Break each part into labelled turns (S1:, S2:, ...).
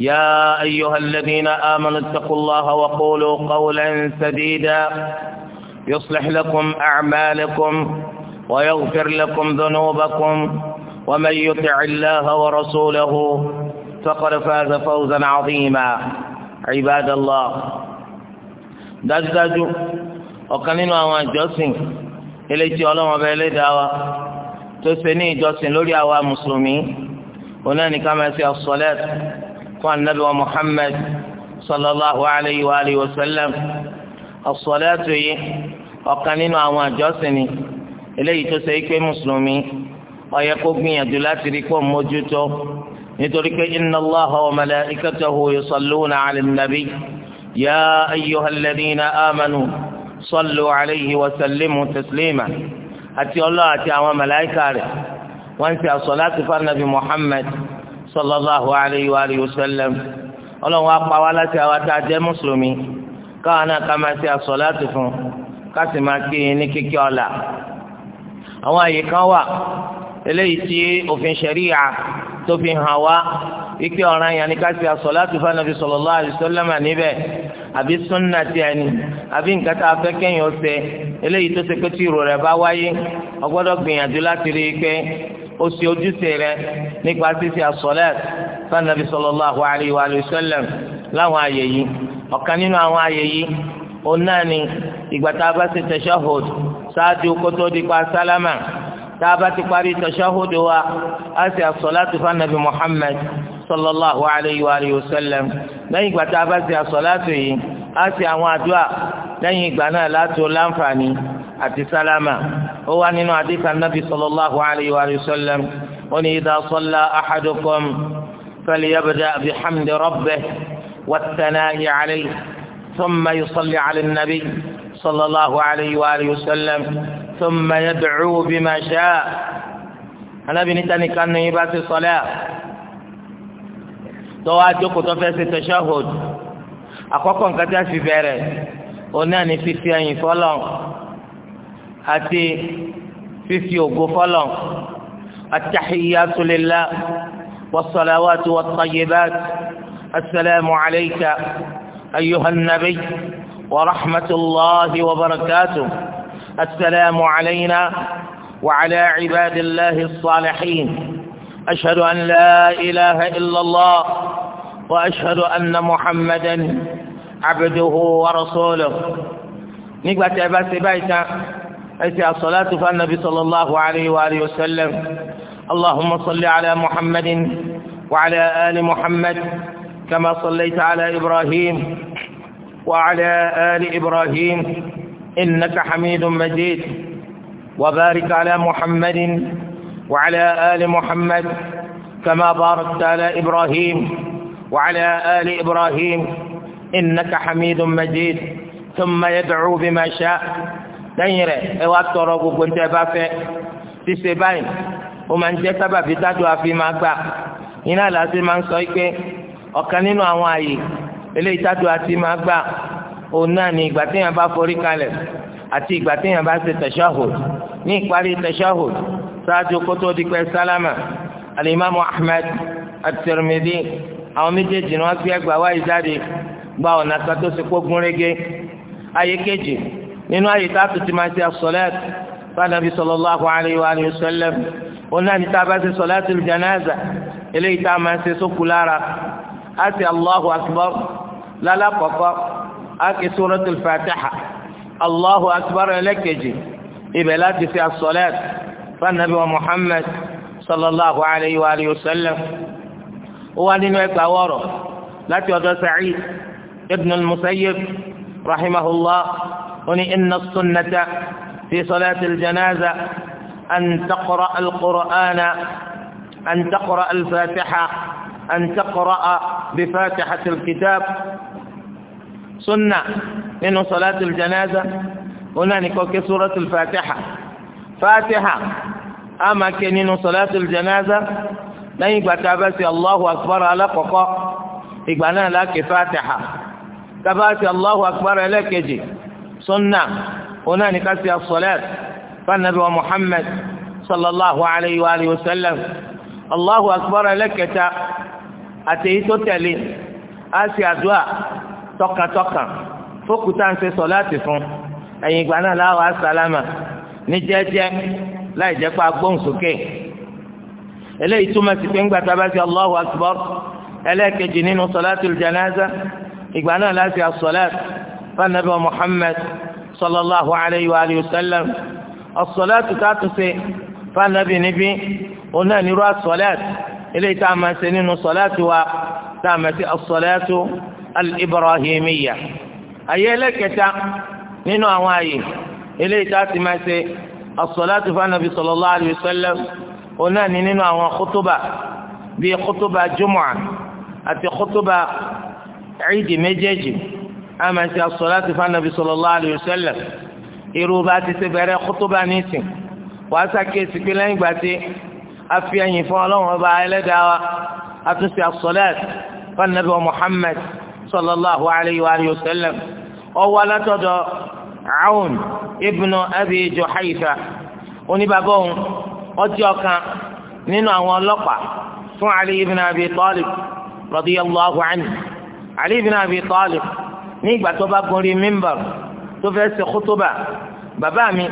S1: يا أيها الذين آمنوا اتقوا الله وقولوا قولا سديدا يصلح لكم أعمالكم ويغفر لكم ذنوبكم ومن يطع الله ورسوله فقد فاز فوزا عظيما عباد الله دزدجوا ọ̀kan nínú àwọn ìjọsìn eléyìí ọlọ́run دعوة تسبني wa tó ṣe مسلمين ìjọsìn كما àwa mùsùlùmí fún anabi wa muhammed sallallahu alayhi wa alayhi wa sallam as-salatu yìí ọ̀kan nínú àwọn àjọsìn ni eléyìí tó ṣe é pé mùsùlùmí ó yẹ kó gbìyànjú láti rí pọ̀ mójútó nítorí pé inna allaha wa malaikatahu yusalluna ala nabi ya ayyuhal ladhina amanu sallu alayhi wa sallimu taslima àti ọlọ́ àti àwọn màláìka rẹ̀ wọ́n ń ṣe as-salatu fún anabi muhammed sallallahu alayhi wa alihi wa sallam ọlọ́run apá wa láti àwa tá a jẹ́ mùsùlùmí káwa náà ká máa ṣe àsọ̀láàtì fún ká sì máa gbé e ní kíkẹ́ ọ̀la àwọn àyè kan wà eléyìí tí òfin ṣẹ̀ríyà tó fi hàn wá ike ọ̀ràn yẹn ni ká ṣe àsọ̀láàtì fún anabi sallallahu alayhi wa sallam níbẹ̀ àbí súnà tí a ní àbí nǹkan tá a fẹ́ kẹ́yìn ọ̀sẹ̀ eléyìí tó ṣe pé tí ìrò rẹ̀ bá wáyé ọgbọ́dọ̀ gbìyànjú láti rí i pé ó ṣe ojúṣe rẹ̀ nípa ṣíṣe àsọlẹt sanabi sallallahu alayhi wa sallam láwọn àyè yìí ọ̀kan nínú àwọn àyè yìí òun náà ni ìgbà tá a bá ṣe tashahhud ṣáájú kótó dípa sálámà tá a bá ti parí tashahhud wa á ṣe àsọlẹt sanabi muhammad sallallahu alayhi wa sallam lẹ́yìn ìgbà tá a bá ṣe àsọlẹt yìí á ṣe àwọn àdúrà lẹ́yìn ìgbà náà látò láǹfààní àti sálámà ó wá nínú àdìsá nàbì sallallahu alayhi wa sallam ó ní idha salla ahadukum falyabda' bihamdi rabbih والثناء عليه ثم يصلي على النبي صلى الله عليه وآله وسلم ثم يدعو بما شاء أنا بنتني كان يبات الصلاة تواجك تفس التشهد أخوكم كتاس في بيره وناني في سياني فلان àti fífi ògo fọlọ attahiyatu lillah wassalawatu wattayyibat asalaamu alayka ayyuhan nabiy wa rahmatullahi wa barakatuh assalamu alayna wa ala ibadillahi as-salihin an la ilaha illallah allah wa ashhadu anna muhammadan abduhu wa rasuluhu nígbà tí a bá ṣe báyìí tán. أتي الصلاة فالنبي صلى الله عليه وآله وسلم اللهم صل على محمد وعلى آل محمد كما صليت على إبراهيم وعلى آل إبراهيم إنك حميد مجيد وبارك على محمد وعلى آل محمد كما باركت على إبراهيم وعلى آل إبراهيم إنك حميد مجيد ثم يدعو بما شاء lẹ́yìn rẹ̀ ẹ wá tọrọ gbogbo ní tẹ́ bá fẹ́ ṣíṣe báyìí ó máa ń jẹ́ sábàbí tájú àfi máa gbà iná làásì máa ń sọ pé ọ̀kan nínú àwọn àyè eléyìí tájú àti máa gbà òun náà ni ìgbà téèyàn bá forí kalẹ̀ àti ìgbà téèyàn bá ṣe tashahhud ní ìparí tashahhud ṣáájú kótó dípẹ́ sálámà alimami ahmed at-Tirmidhi àwọn méjèèjì ni wọ́n fi ẹgbàá wáyé jáde gba ọ̀nà kan tó ṣe kó gúnrégé ayé kejì. nínú àyè tá a ti máa ṣe as-salat fanabi sallallahu alayhi wa alihi wa sallam òun náà ní tá a bá ṣe salatul janaza eléyìí tá a máa ṣe sókù lára a ṣe allahu akbar lálàkọ̀kọ́ a kì í suratul fatiha allahu akbar ẹlẹ́kẹ̀jì ibẹ̀ láti ṣe as-salat fanabi wa muhammad sallallahu alayhi wa alihi wa sallam ó wá nínú ẹgbàá wọ̀rọ̀ láti ọ̀dọ̀ sa'id ibn al-musayyib rahimahullah. وني إن السنة في صلاة الجنازة أن تقرأ القرآن أن تقرأ الفاتحة أن تقرأ بفاتحة الكتاب سنة من صلاة الجنازة هنا نكوك سورة الفاتحة فاتحة أما إن صلاة الجنازة لا يبتابس الله أكبر على قطاع إقبالنا لك فاتحة تباتي الله أكبر لك جي sunna òun náà ní ká ṣe as-salat fanabi wa muhammad sallallahu alayhi wa alihi wa sallam allahu akbar ẹlẹ́kẹta àtẹ̀yí tó tẹ̀lé á ṣe àdúrà tọkàntọkàn fókùtà ń ṣe sọ̀láàtì fún ẹ̀yìn ìgbà náà láwọn asàlámà ní jẹ́jẹ́ láì jẹ́ pa gbóhùnsókè eléyìí túmọ̀ sí pé ńgbà bá ṣe allahu akbar ẹlẹ́kẹjì nínú sọ̀láàtì janaza ìgbà náà láti àsọ̀láàtì fanabi muhammad sallallahu alayhi wa alihi wa sallam as-salatu tààtúnṣe fanabi níbí òun náà nírú as-salatu eléyìí tá a máa ṣe nínú salatu wa tá a máa ṣe as-salatu al-ibrahimiyya ayé ẹlẹ́kẹta nínú àwọn ààyè eléyìí tá a ti máa ṣe as-salatu fanabi sallallahu alayhi wa sallam òun náà ní nínú àwọn kútúbà bíi kútúbà jumu'a àti kútúbà ciidi méjèèjì a máa ṣe as-salatu fún anabi sallallahu alayhi wa sallam irú bá ti ṣe bẹ̀rẹ̀ khutuba nísìn wàá ṣàkíyèsí pé lẹ́yìn ìgbà tí a fi ẹ̀yìn fún ọlọ́run ọba ẹlẹ́dàá wa a tún ṣe as-salatu fún anabi wa muhammad sallallahu alayhi wa sallam ọwọ́ alátọ́dọ̀ Aun ibnu abi Juhayfa oníbàbọ̀ òun ọjọ́ kan nínú àwọn ọlọ́pàá fún Ali ibn Abi Talib radiyallahu anhu Ali ibn Abi Talib ní ìgbà tó bá gorí mímbà tó fẹ́ ṣe kótóbà bàbá mi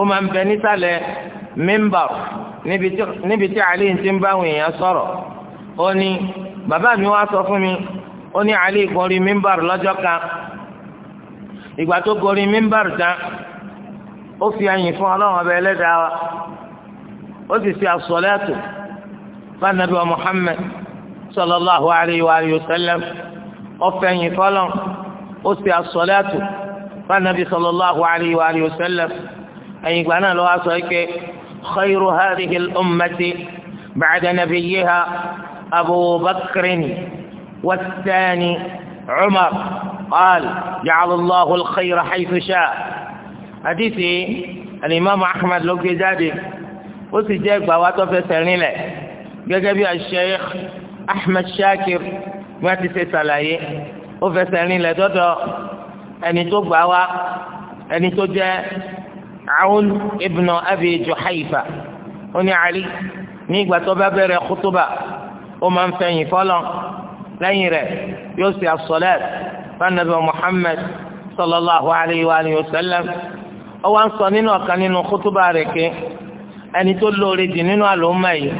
S1: ó máa ń bẹ nísàlẹ̀ mímbà níbi tí Ali ti ń bá àwọn èèyàn sọ̀rọ̀ ó ní bàbá mi wá sọ fún mi ó ní Ali gorí mímbà lọ́jọ́ kan ìgbà tó gorí mímbà tán ó fi àyìn fún ọlọ́run ọba ẹlẹ́dàá wa ó sì fi àsọ̀lẹ́tò fanabi wa Muhammad sallallahu alayhi wa sallam ọ̀fẹ́ fọlọ́n ó ṣe asọ́lẹ́tù fanabi sallallahu alayhi wa alihi wa sallam ẹ̀yìn ìgbà náà lọ́wọ́ aṣọ ike khayru hadhihi al-ummati ba'da nabiyyiha abu bakrin wasaani umar qaal jacala allahu alkhayra haythu shaa hadithi alimami ahmed ló gbé jáde ó sì jẹ́ ìgbà wa tó fẹsẹ̀ rinlẹ̀ gẹ́gẹ́ bí al-sheikh ahmed shakir wọ́n ti ṣe ṣàlàyé ó fẹsẹ̀ rin lẹ̀ dọ́dọ̀ ẹni tó gbà wá ẹni tó jẹ́ Aun ibn Abi Juhayfa ó ní Ali ní ìgbà tó bá bẹ̀rẹ̀ kútúbà ó máa ń fẹ̀yìn fọ́lọ́ lẹ́yìn rẹ̀ yóò ṣe àsọ̀lẹ́t fanabi Muhammad sallallahu alayhi wa alihi wa sallam ó wá ń sọ nínú ọ̀kan nínú kútúbà rẹ̀ ké ẹni tó lóore jù nínú àlùmọ́ yìí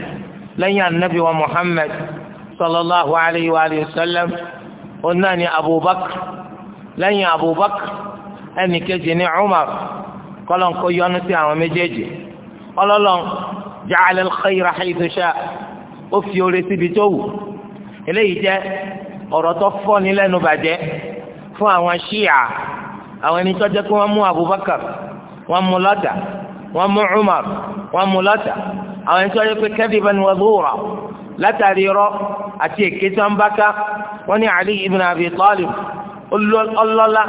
S1: lẹ́yìn anabi wa Muhammad sallallahu alayhi wa alihi wa sallam òun náà ni abubakar lẹ́yìn abubakar ẹnì kejì ni umar kọ́lọ́n kó yọ́nú sí àwọn méjèèjì ọlọ́lọ́n ja'ala al-khayra haythu sha'a ó fi oore síbi tó wù eléyìí jẹ́ ọ̀rọ̀ tó fọ́ni lẹ́nu bàjẹ́ fún àwọn ṣíà àwọn ẹni tó jẹ́ kí wọ́n mú abubakar wọ́n mú lọ́tà wọ́n mú umar wọ́n mú lọ́tà àwọn ẹni tó jẹ́ pé kadiban wa dhura látàrí irọ́ àti èké tí wọ́n bá ká wọ́n ní Ali ibn Abi Talib ọlọ́lá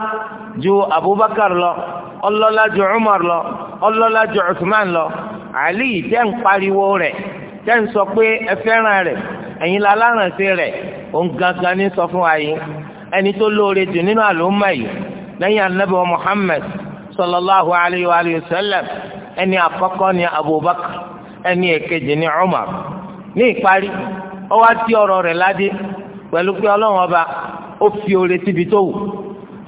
S1: ju Abubakar lọ ọlọ́lá ju Umar lọ ọlọ́lá ju Usman lọ Ali tẹ́ ń pariwo rẹ̀ tẹ́ ń sọ pé ẹ fẹ́ràn rẹ̀ ẹ̀yin la lárànṣẹ́ rẹ̀ òun gangan ní sọ fún wa yìí ẹni tó lóore jù nínú àlùmọ́ yìí lẹ́yìn anabi wa sallallahu alayhi wa sallam ẹni àkọ́kọ́ ni Abubakar ẹni èkejì ni Umar. ní ìparí ó wá tí ọ̀rọ̀ rẹ̀ ládé pẹ̀lú pé ọlọ́run ọba ó fi oore síbi tó wù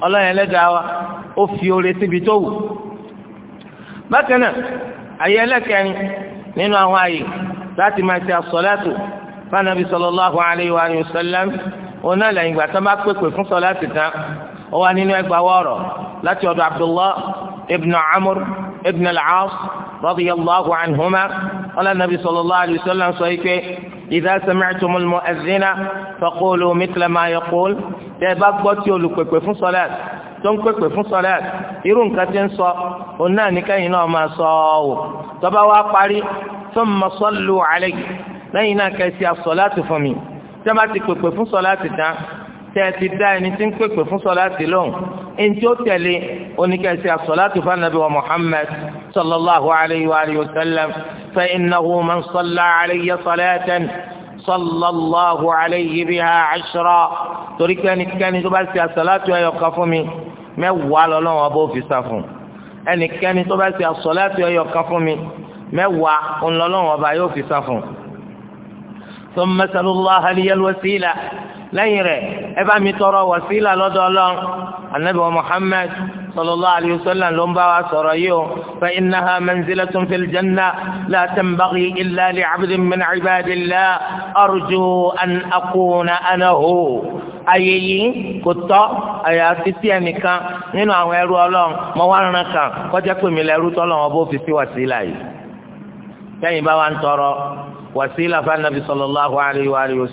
S1: ọlọ́run ẹlẹ́dàá wa ó fi oore síbi tó wù. bákan náà àyè ẹlẹ́kẹrin nínú àwọn àyè láti máa ṣe fanabi wa sallam ọ̀nà lẹ́yìn ìgbà tó máa pèpè fún sọ̀látù tán ó wà nínú ẹgbàá wọ̀rọ̀ láti ọ̀dọ̀ ibn Amr ابن العاص رضي الله عنهما قال النبي صلى الله عليه وسلم sọ إذا سمعتم idha فقولوا مثل ما يقول ma yaqul tẹ́ ẹ bá gbọ́ tí olùpèpè fún sọlá tó ń pèpè fún sọlá irú nǹkan tí ń sọ òun náà nìkẹyìn náà máa sọ ọ tó sallu alayhi lẹ́yìn náà kẹsì àsọlá ti fún mi tẹ́ bá ti pèpè fún sọlá ti tẹ́ ẹ ti dá ẹni tí ń pèpè fún sọláàtì lóhùn ẹni tí ó tẹ̀lé oníkẹ́sì àsọláàtì fanabi wa muhammad sallallahu alayhi wa alihi wa sallam fa innahu man salla alayhi salatan sallallahu alayhi biha ashra torí pé tó bá ṣe àsọláàtì ẹyọ kan fún mi mẹ́wàá lọ́lọ́wọ́ bó fi sá fún ẹnikẹ́ni tó bá ṣe àsọláàtì ẹyọ kan fún mi mẹ́wàá ńlọ́lọ́wọ́ bá yóò fi sá fún. ثم سلوا الله لي الوسيله lẹ́yìn rẹ̀ ẹ bá mi tọrọ wàsílà lọ́dọ̀ ọlọ́run anabi wa muhammad sallallahu alayhi wa sallam ló ń bá wa sọ̀rọ̀ yìí o fa innaha manzilatun fil janna la tanbaghi illa li abdin min ibadillah arju an akuna anahu ayé yìí kò tọ́ àyàfi sí ẹnìkan nínú àwọn ẹrú ọlọ́run mọ wá rán kan kọjá pé mi lẹ́rú tọ́lọ́run ọbọ̀ fi sí wàsílà yìí lẹ́yìn bá wa ń tọrọ wàsílà fún anabi sallallahu alayhi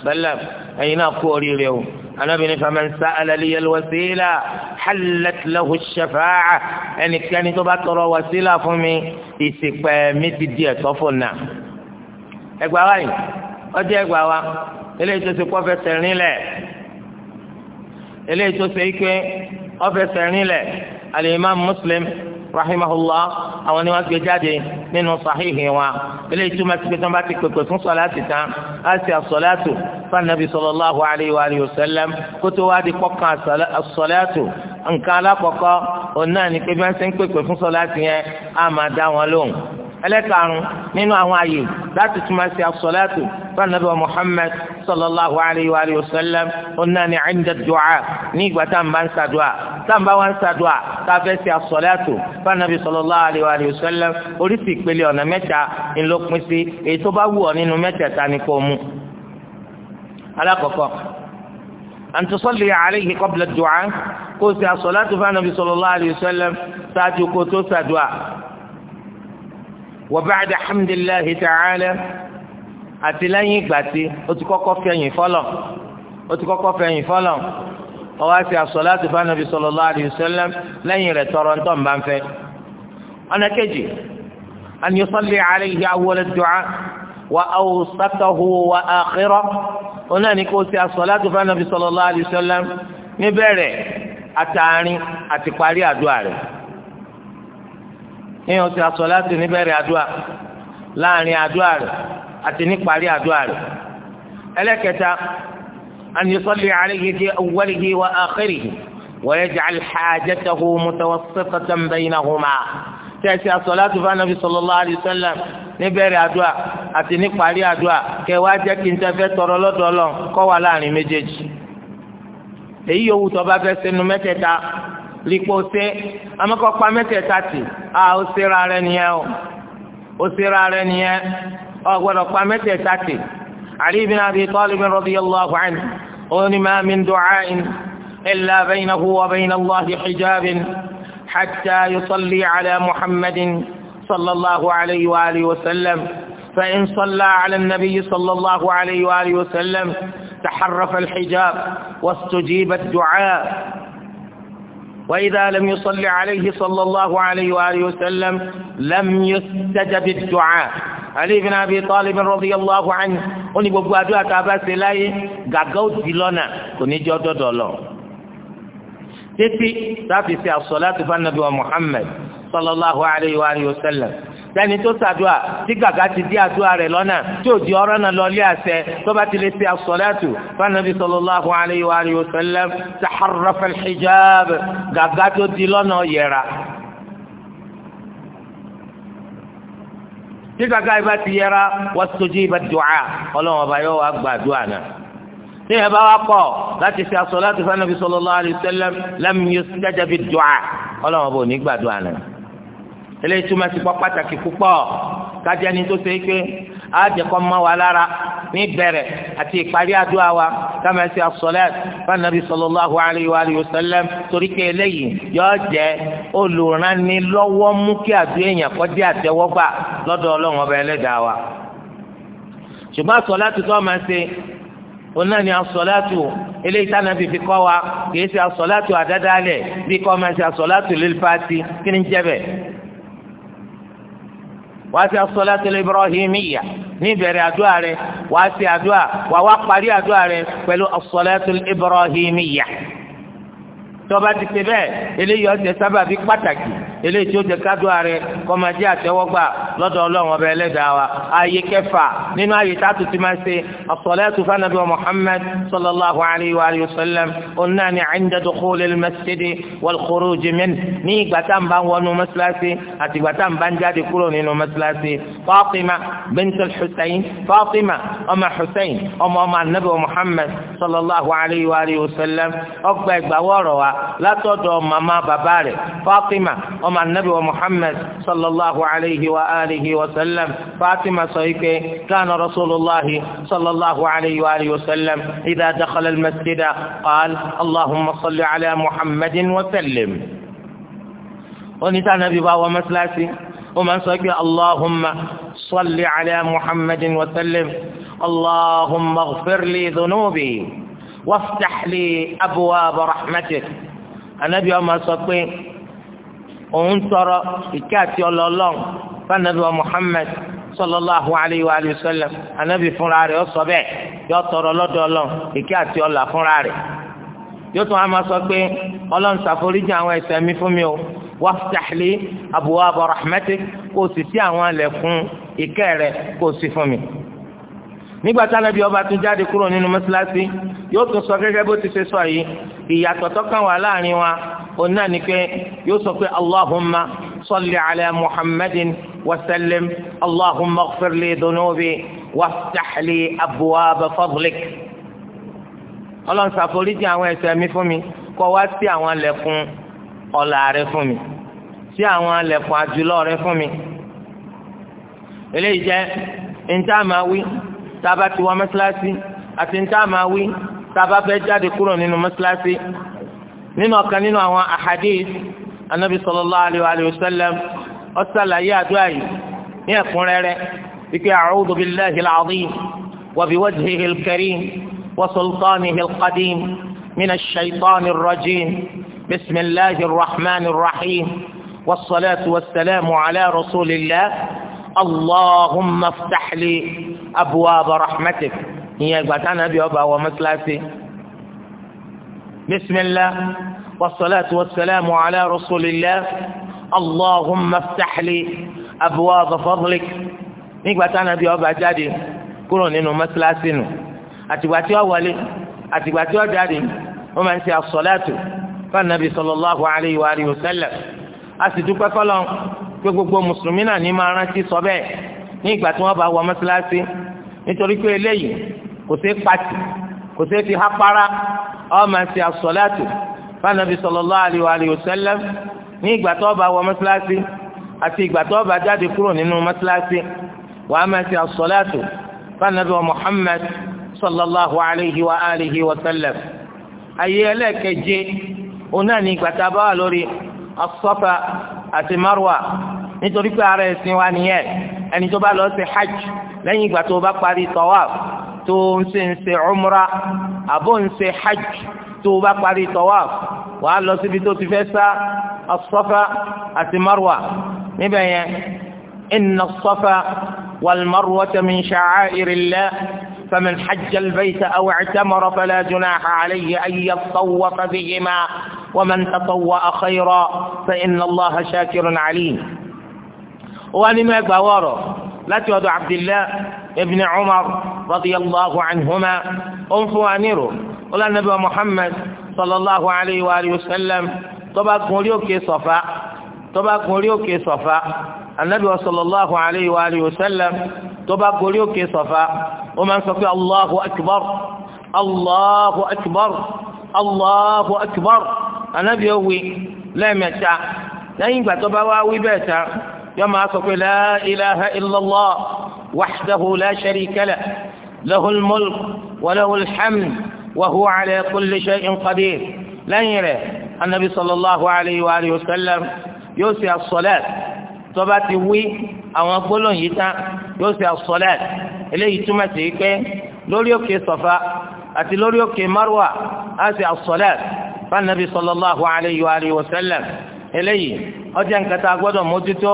S1: ẹ̀yin náà kú oríire o anabi ní faman sa'ala liya al-wasila hallat lahu ash-shafa'a ẹnikẹ́ni tó bá tọrọ wasila fún mi ìsìpẹ́ mi ti di ẹ̀tọ́ fún nà ẹgbà wa yìí ọjọ́ ẹgbà wa eléyìí tó ṣe kó fẹsẹ̀ rìn lẹ̀ eléyìí tó ṣe ike ọfẹsẹ̀ rìn lẹ̀ al Muslim rahimahullah àwọn ni wọ́n gbé jáde nínú sahihi wọn eléyìí túmọ̀ sí pé tí wọ́n bá ti pèpè fún sọ̀láàtì tán á sì àsọ̀láàtù fanabi sallallahu alayhi wa alihi wa sallam kótó wá di kọ́kàn àsọ̀láàtù nǹkan alákọ̀ọ́kọ́ òun náà ni pé bí wọ́n ti ń pèpè fún sọ̀láàtì yẹn á máa dá wọn lóhùn ẹlẹ́karùn-ún nínú àwọn ààyè láti túmọ̀ sí asọ́láàtù fún anabi muhammed sallallahu alayhi wa alihi wa sallam onáni ẹ̀ńdà dùcà ní ìgbà tá à ń bá ń sàdùà tá à ń bá wá ń sàdùà tá a fẹ́ sí asọ́láàtù fún sallallahu alayhi wa alihi wa sallam oríṣi ìpele ọ̀nà mẹ́ta ńlọpin sí èyí tó bá wù ọ́ nínú mẹ́tẹ̀ẹ̀ta ni kò mú. alákọ̀ọ́kọ́ أن تصلي عليه قبل الدعاء قلت الصلاة فالنبي صلى الله عليه وسلم ساجو كتو سادوا وبعد حمد الله تعالى àti lẹ́yìn ìgbà tí ó ti kọ́kọ́ fẹ̀yìn fọ́lọ̀ ó ti kọ́kọ́ fẹ̀yìn fọ́lọ̀ ó wá sí as-salatu fa nabi sallallahu alayhi wa sallam lẹ́yìn rẹ̀ tọrọ ń tọ́ ń bá ń fẹ́. ọ̀nà kejì an yusalli alayhi awwala ad-du'a wa awsatahu wa akhirahu ó náà ní kó sí as-salatu fa nabi sallallahu alayhi wa sallam níbẹ̀rẹ̀ àtàárín àti parí àdúrà rẹ̀ èèyàn ṣe àsọ̀láàtì níbẹ̀rẹ̀ àdúrà láàrin àdúrà rẹ̀ àti níparí àdúrà rẹ̀ ẹlẹ́kẹta an yusalli alayhi fi awwalihi wa akhirihi wa yaj'al hajatahu mutawassitatan baynahuma tẹ̀sí asọ̀láàtì fún anabi sallallahu alayhi wa sallam níbẹ̀rẹ̀ àdúrà àti níparí àdúrà kẹwàá jẹ́ kí n tẹ́fẹ́ tọrọ lọ́dọ̀ ọlọ́run kọ́ wà láàrin méjèèjì èyí yòówù tó bá fẹ́ sínú mẹ́tẹ̀ẹ̀ta lípò ṣe amẹ́kọ̀ọ́pá mẹ́tẹ̀ẹ̀ta tì á ó ṣera rẹ nìyẹn o ó ṣera rẹ nìyẹn ọ gbọ́dọ̀ pa mẹ́tẹ̀ẹ̀ta tì Ali ibn Abi Talib radiyallahu anhu òun ni ma min du'a'in illa baynahu wa bayna Allahi hijabin hatta yusalli ala Muhammadin sallallahu alayhi wa alihi wa sallam fa'in salla ala nàbí nabiy sallallahu alayhi wa alihi wa sallam تحرف الحجاب واستجيب وإذا لم يصل عليه صلى الله عليه وآله وسلم لم يستجب الدعاء علي بن أبي طالب رضي الله عنه قل بقوا دعاء كاباس لاي غاغو ديلونا كوني جودو دولو تتي تافي في الصلاة فالنبي محمد صلى الله عليه وآله وسلم sẹ́ni tó ṣàdúà tí gàgà ti di àdúà rẹ̀ lọ́nà tí ò di ọ̀rọ̀ náà lọ lé àṣẹ tó bá ti lè ṣe àsọ̀lẹ́tù fanabi sallallahu alayhi wa alihi wa sallam taharrafa al-hijab gàgà tó di lọ́nà yẹra. tí gàgà ibà ti yẹra wastujiba ad-du'a ọlọ́run ọba yóò wá gbàdúà náà ní ẹ bá wá kọ láti ṣe àsọ̀lẹ́tù fanabi sallallahu alayhi wa sallam lam eléyìí túmọ̀ sí pọ́ pàtàkì púpọ̀ kájẹ́ ni tó ṣe é pé àjẹkọ́ mọ́ wa lára ní bẹ̀rẹ̀ àti ìparí àdúrà wa kámẹ́sì as fanabi sallallahu alayhi wa alihi wa sallam torí pé eléyìí yọ jẹ́ olùrànlọ́wọ́ mú kí àdúrà èèyàn kó di àtẹ́wọ́gbà lọ́dọ̀ ọlọ́run ọba ẹlẹ́dàá wa. ṣùgbọ́n as-salatu tó máa ṣe ona ni asọlátù eléyìí tí anabi fi kọ́ wa kìí ṣe asọlátù àdádálẹ̀ bí kọ́ máa ṣe asọlátù lil fati kí ni jẹ́ bẹ́ẹ̀ wàá ṣe as-salatul ibrahimiyya ní ìbẹ̀rẹ̀ àdúrà rẹ wàá àdúrà wàá wá parí àdúrà rẹ pẹ̀lú as-salatul ibrahimiyya tọba ti pe bẹ́ẹ̀ eléyìí ọsẹ sábàbí pàtàkì eléyìí tí ó jẹ kádùn ààrẹ kọmájí àtẹ́wọ́gbà lọ́dọ̀ Ọlọ́run ọba Ẹlẹ́dàá wa ààyè kẹfà nínú ààyè tààtù ti máa ṣe as-salatu fa nabi wa Muhammad sallallahu alayhi wa alihi wa sallam ọ̀nà ni 'inda dukhul al-masjid wal khuruj minhu ní ìgbà tá n bá wọnú mọ́sálásí àti ìgbà tá n bá ń jáde kúrò nínú mọ́sálásí Fatima bint al-Husayn ọmọ Husayn ọmọ ọmọ anabi wa Muhammad sallallahu alayhi wa sallam ọgbà ìgbà wọ́ọ̀rọ̀ wa látọ̀dọ̀ màmá bàbá rẹ̀ Fatima ọmọ anabi wa Muhammad sallallahu alayhi wa alihi wa sallam Fatima sọ ike kánà rasulillah sallallahu alayhi wa alihi wa sallam idà dakhala almasjida qaal allahumma salli ala muhammadin wa sallim. oníṣẹ́ anabi bá wọ mọ́sálásí ó máa ń sọ pé allahumma salli ala muhammadin wa sallim allahumma ghafir li dhunubi. وافتح لي أبواب رحمتك النبي أما صدقين وانصر إكاتي الله الله فالنبي محمد صلى الله عليه وآله وسلم النبي فراري والصبيح يطر الله الله إكاتي الله فراري yóò tún wá máa sọ pé ọlọ́run ṣàforíjì àwọn ẹ̀ṣẹ̀ mi fún mi o waftah li abwaab rahmatik kó sì sí àwọn àlẹ̀kùn ìkẹ́ rẹ̀ kó sì fún mi nígbà tí anabi ọba tún jáde kúrò nínú mọ́sálásí yóò tún sọ gẹ́gẹ́ bó ti ṣe sọ yìí ìyàtọ̀ tọ́kàn wà láàrin wa òun náà ni pé yóò sọ pé allahumma salli ala muhammadin wa sallim allahumma ighfir li dhunubi waftah li abwaaba fadlik ọlọ́run ṣàforíjì àwọn ẹ̀ṣẹ̀ mi fún mi kó wá sí àwọn alẹ́kùn ọlá fún mi sí àwọn alẹ́kùn àjùlọ fún mi eléyìí jẹ́ ní wí tába ti wá mọ́sálásí àti ní táà máa wí tába fẹ́ jáde kúrò nínú mọ́sálásí nínú ọ̀kan nínú àwọn ahadith anabi sallallahu alayhi wa alayhi wa sallam ó ṣàlàyé àdúrà yìí ní ẹ̀kúnrẹ́rẹ́ ike a'udhu billahi al-azim wa biwajhihi al-karim wa sultanihi al min ash-shaytani ar-rajim bismillahi ar-rahman ar ala rasulillah allahumma iftah abwaab rahmatik ìyẹn ìgbà táwọn àbí ọba wọ mọ́sálásí. bisimilah wasalaatu wasalaamu ala rasulillah allahumma ftaxli abwaab fadlik nígbà táwọn àbí ọba jáde kúrò nínú mọ́sálásí nù àtìgbà tí ó wọlé àtìgbà tí ó jáde wọ́n máa ń ṣe asọ́láàtù fanabi sallallahu alayhi wa alihi wa sallam a sì dúpẹ́ fọlọ́n pé gbogbo mùsùlùmí náà ní máa rántí sọ bẹ́ẹ̀ ní ìgbà tí wọ́n bá wọ mọ́sálásí nítorí pé eléyìí kò sí pati kò sí fi hapara ọmọ ẹsẹ asọlẹtù fanabi sallallahu alaihi wa sallam ní ìgbà tí wọ́n bá wọ mọ́sálásí àti ìgbà tí wọ́n bá jáde kúrò nínú mọ́sálásí wà á mẹsẹ asọlẹtù fanabi wa Muhammad sallallahu alaihi wa alihi wa ayé ẹlẹ́kẹ̀jẹ ọ̀nà ní ìgbà tá a bá wà lórí asọ́fà àti marwa nítorí pé ara ẹ̀sìn wa nìyẹn. ẹni tó bá lọ sí hajj lẹ́yìn ìgbà tó bá parí tọ́wáf tó ń ṣe ń ṣe umra àbó ń ṣe hajj tó bá parí tọ́wáf wà á lọ síbi tó ti fẹ́ asọ́fà àti Marwa níbẹ̀ yẹn inna as-Safa wal Marwata min sha'a'irillah فمن حج البيت أو اعتمر فلا جناح عليه أن يطوف بهما ومن تطوأ خيرا فإن الله شاكر عليم ó wá nínú ẹgbàá wọ̀rọ̀ láti ọ̀dọ̀ abdullahi ibn umar radiyallahu anhuma ó ń fún wa nírò ó lánàá bí wa muhammad sallallahu alayhi wa alihi wa sallam tó bá gun orí òkè sọ̀fà tó bá anabi wa sallallahu alayhi wa alihi wa sallam tó bá gun orí òkè sọ̀fà allahu akbar allahu akbar allahu akbar anabi ó wí lẹ́ẹ̀mẹ́ta lẹ́yìn ìgbà tó bá wá yọ máa sọ pé la ilaha illallah wahdahu la sharika lah lahul mulk wa lahul hamd wa huwa ala kulli shay'in qadir lẹ́yìn rẹ̀ anabi sallallahu alayhi wa alihi wa sallam yóò ṣe asọ́lẹ̀ tó bá ti wí àwọn gbólóhùn yìí tán yóò ṣe asọ́lẹ̀ eléyìí túmọ̀ sí pé lórí òkè sọ̀fà àti lórí òkè marwa á ṣe asọ́lẹ̀ fún anabi sallallahu alayhi wa eléyìí ọjọ́ nǹkan tá a gbọ́dọ̀ mójútó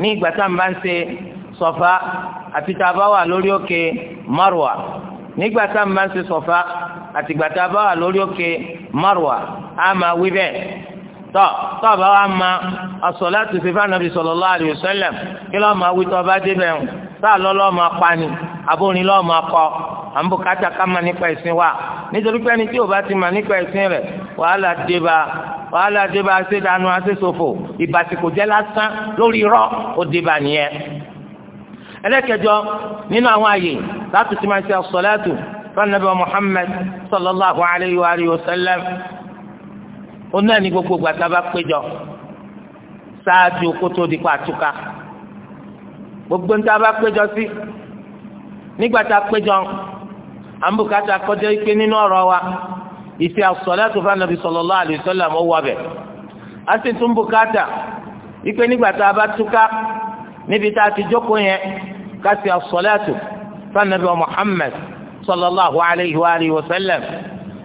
S1: ní ìgbà tá n bá ń ṣe sọ̀fà àti tá a bá wà lórí òkè márùwà nígbà tá n bá ń ṣe sọ̀fà àti ìgbà bá wà lórí òkè márùwà á máa wí bẹ́ẹ̀ tọ́ tọ́ọ̀bá wa ma as-salatu fi fanabi sallallahu alayhi wa sallam kí lọ́ọ́ máa wí tọ́ọ̀bá débẹ̀ ń táà lọ́lọ́ ma pa ni abórin lọ́ọ́ máa kọ́ àǹbùkátà ká ma nípa ẹ̀sìn wa nítorí pé ẹni tí o bá ti ma nípa ẹ̀sìn rẹ̀ wàhálà débà wàhálà débà ṣèdánù aṣèṣòfò ìbàsìkò jẹ́ lásán lórí irọ́ ó débà nìyẹn. ẹlẹ́kẹjọ nínú àwọn àyè láti ti máa ṣe as-salatu fanabi Muhammad sallallahu alayhi wa sallam òun náà ní gbogbo gbàtà bá péjọ ṣáájú kótó di pàtúkà gbogbo níta bá péjọ sí nígbàtà péjọ àmbùkátà kọjá ike nínú ọ̀rọ̀ wa ìṣe àsọlátù fa anabi sọlọlọ alaihi wasallam mọ wà bẹ asi sì tún bùkátà ike nígbàtà bá túká níbi tá a ti jókòó yẹn ká ṣe àsọlátù fún anabi Muhammad sallallahu alaihi wa alihi wasallam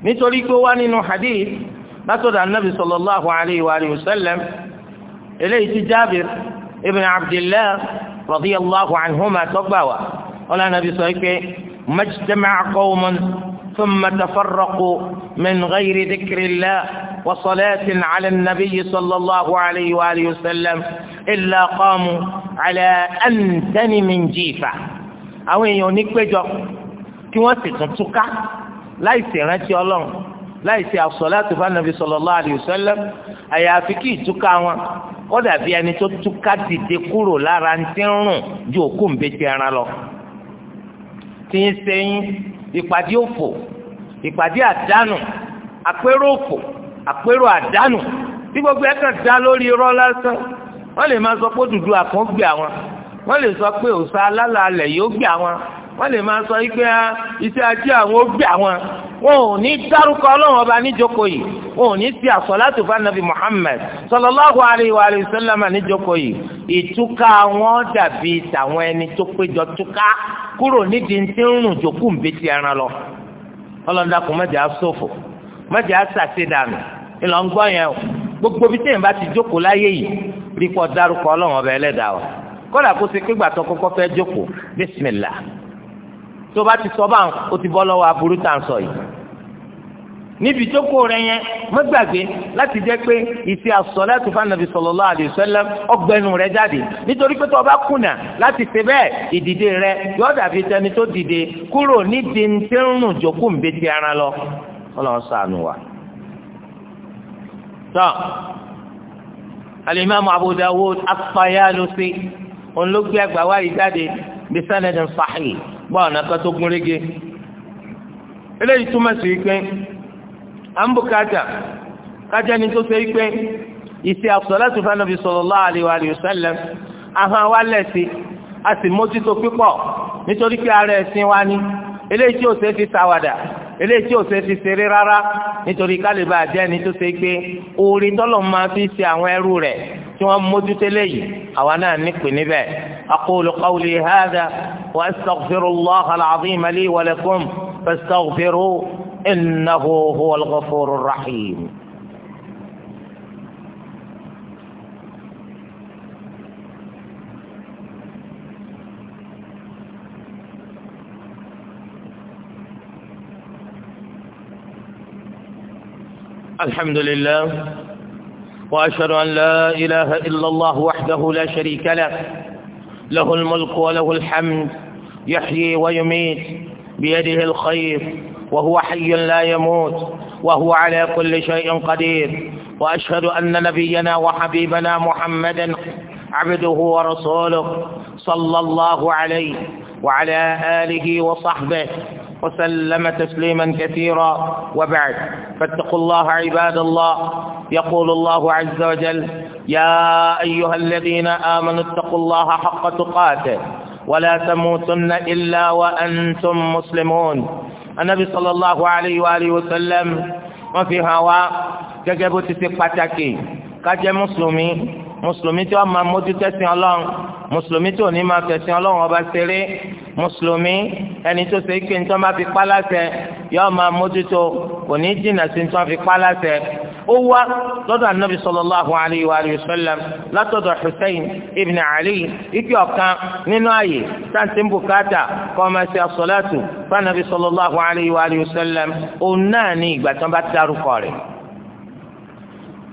S1: nítorí pé wá nínú hadith. látọ̀dọ̀ anabi sallallahu alayhi wa alihi wa sallam eléyìí ti Jabir ibn abdillah radiyallahu anhuma tọgbà wa wọn lànà bí sọ pé majtama'a qawmun thumma tafarraqu min ghayri dhikrillah wa salatin ala nabi sallallahu alayhi wa alihi wa sallam illa qamu ala antani min jifa àwọn èèyàn ní péjọ kí wọn sì tún túká láì ṣèrántí Ọlọ́run. láìsí ṣe àsọ̀láàtì fanabi sallallahu àyàfi kí ìtúká wọn ó dàbí ẹni tó túká dìde kúrò lára ń tí ń rùn ju òkú ń ẹran lọ. tí ń sẹ́yìn ìpàdé òfò ìpàdé àdánù àpérò òfò àpérò àdánù gbogbo kàn dá lórí irọ́ lásán wọ́n sọ pé àkàn gbé àwọn wọ́n lè sọ pé alálàálẹ̀ yóò gbé àwọn wọ́n lè máa sọ pé ah, iṣẹ́ ajé àwọn ó gbé wọn ò ní dárúkọ ọlọ́run ọba níjókòó yìí wọn ò ní sí àsọ̀látù fún anabi muhammed sallallahu alayhi wa sallam níjókòó yìí ìtúká wọn dàbí tàwọn ẹni tó péjọ túká kúrò nídìí tí ń rùn jòkú nbẹ́tì ẹran lọ ọlọ́dàkùn mẹ́jẹ̀ á sófò mẹ́jẹ̀ á sàṣẹ̀dànù ìlọ ń gbọ́ yẹn o gbogbo bí téèyàn ti jókòó láyé yìí rí pọ̀ dárúkọ ọlọ́run ọba ẹlẹ́dàá wa kọ́dà kó ṣe pé gbàtọ́ kọ́kọ́ fẹ́ jókòó bísímìlá tó bá ti sọ bá ń o ti bọ́ lọ́wọ́ aburú tá à ń sọ yìí níbi ìjókòó rẹ yẹn má gbàgbé láti jẹ́ pé ìṣe àsọlẹ́tù fanabi sallallahu alaihi wasallam ọgbẹ́nu rẹ jáde nítorí pé tó o bá kùnà láti ṣe bẹ́ẹ̀ ìdìde rẹ yóò dàbí tẹni tó dìde kúrò nídìí ń ń rùn jókòó ń bẹ ti ara lọ ọlọ́run ṣàánú wa. tọ́ alimami abu dawud afayalusi òun ló gbé ẹgbàá wáyé jáde bí sanadin sahih. wá tó gún régé eléyìí túmọ̀ sí pé à ń ni tó ṣe pé ìṣe àsọ̀látù fanabi sallallahu wa sallam ahọ́n wa lẹ̀sí a sì mójútó pípọ̀ nítorí pé ara ẹ̀sìn wa eléyìí tí fi eléyìí tí fi rárá nítorí kálíbà tó orin tọ́lọ̀ máa fi ṣe àwọn ẹrú rẹ̀ tí wọ́n mójútó léyìí àwa náà nípìn níbẹ̀ aqulu qawli hadha wa astaghfirullaha al-azim li wa lakum fastaghfiru innahu huwal ghafurur rahim. الحمد لله وأشهد أن لا إله إلا الله وحده لا شريك له له الملك وله الحمد يحيي ويميت بيده الخير وهو حي لا يموت وهو على كل شيء قدير وأشهد أن نبينا وحبيبنا محمدا عبده ورسوله صلى الله عليه وعلى آله وصحبه وسلم تسليما كثيرا وبعد فاتقوا الله عباد الله يقول الله عز وجل يا أيها الذين آمنوا اتقوا الله حق تقاته ولا تموتن إلا وأنتم مسلمون النبي صلى الله عليه وآله وسلم وفي هواء كجبت في قتكي كجب mùsùlùmí tí wọ́n máa mójú tẹ́sìn ọlọ́run mùsùlùmí tí ò ní máa fẹ̀sìn ọlọ́run ọba ṣeré mùsùlùmí ẹni tó ṣe ike nítorí máa fi pa láṣẹ yóò máa mójútó kò ní jìnnà sí nítorí fi pa láṣẹ ó wá lọ́dọ̀ anabi sallallahu alayhi wa sallam látọ̀dọ̀ hussein ibn ali ike ọ̀kan nínú ààyè sáǹtì bukata kọ́mẹ́sì asọ́lẹ́tù fún anabi sallallahu alayhi wa sallam òun náà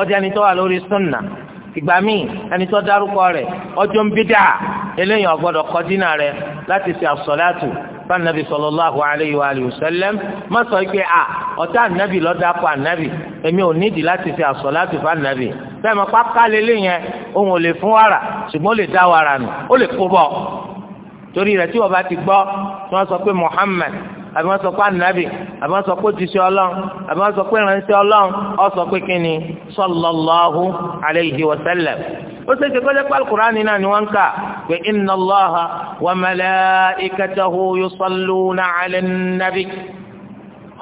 S1: ọjọ́ ẹni tó wà lórí sunna ìgbà míì ẹni tó dárúkọ rẹ̀ ọjọ́ ń bídà eléyìí ọ̀gbọ́dọ̀ kọdínà rẹ̀ láti ṣe àsọ̀látù fún anabi sallallahu wa alihi wa sallam má sọ pé a ọ̀tá anabi lọ́dà pa anabi èmi ò nídìí láti ṣe àsọ̀látù fún anabi sẹ́mi pápá lélẹ̀ yẹn òun ò lè fún wàrà ṣùgbọ́n ó lè dá wàrà nù ó lè kó bọ̀ torí rẹ̀ tí wọ́n bá ti gbọ́ tí wọ́n sọ pé Muhammad àbí wọ́n sọ pé ànábì àbí wọ́n sọ pé òjíṣẹ́ ọlọ́run àbí wọ́n sọ pé ìránṣẹ́ ọlọ́run ó sọ pé kíni sallallahu alayhi wa sallam ó ṣe ṣe kọ́jọ́ pé alukur'ani náà ni wọ́n kà pé inna Allaha wa malaikatahu yusalluna ala nabi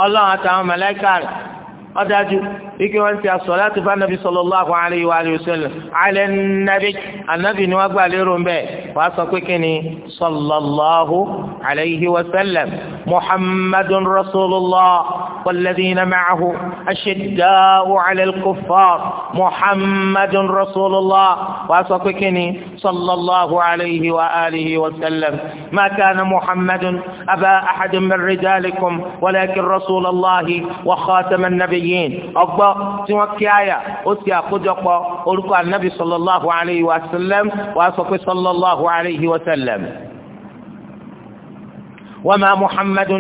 S1: ọlọ́run àtàwọn màláíkà ọdájú ike wọn ti as-salatu fa nàbí sallallahu alayhi wa sallam ala nàbí ànábì ni wọn gbà lérò mbẹ wàá sọ pé kí والذين معه أشداء على الكفار محمد رسول الله وأصدقني صلى الله عليه وآله وسلم ما كان محمد أبا أحد من رجالكم ولكن رسول الله وخاتم النبيين أبا توكيايا أتيا قدق أرقى النبي صلى الله عليه وسلم وأصدق صلى الله عليه وسلم وما محمد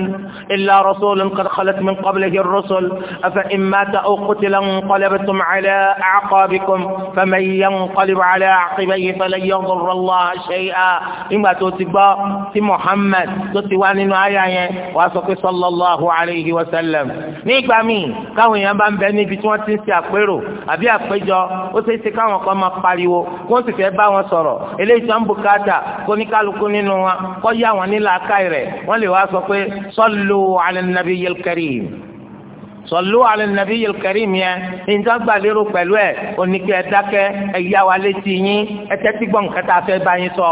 S1: إلا رسول قد خلت من قبله الرسل أفإن مات أو قتل انقلبتم على أعقابكم فمن ينقلب على عقبيه فلن يضر الله شيئا إما تتبع في محمد تتوان آية وأسقي صلى الله عليه وسلم nígbà míì káwọn èèyàn bá ń bẹ níbi tí wọ́n ti ń ṣe àpérò àbí àpéjọ ó ṣeé ṣe káwọn kan máa pariwo kó wọ́n sì fẹ́ bá wọn sọ̀rọ̀ eléyìí tó ń bùkátà kó ní kálukú nínú wọn kó yá wọn nílà akáì rẹ̀ wọ́n wọ́n lè wá sọ pé sọ́lù alẹ́nàbí yẹl karim sọ́lù alẹ́nàbí yẹl karim yẹn níta gbà lérò pẹ̀lú ẹ̀ oníkẹ́ ẹ dákẹ́ ẹ yá wa létí yín ẹ tẹ́tí gbọ́n nǹkan tá a fẹ́ bá yín sọ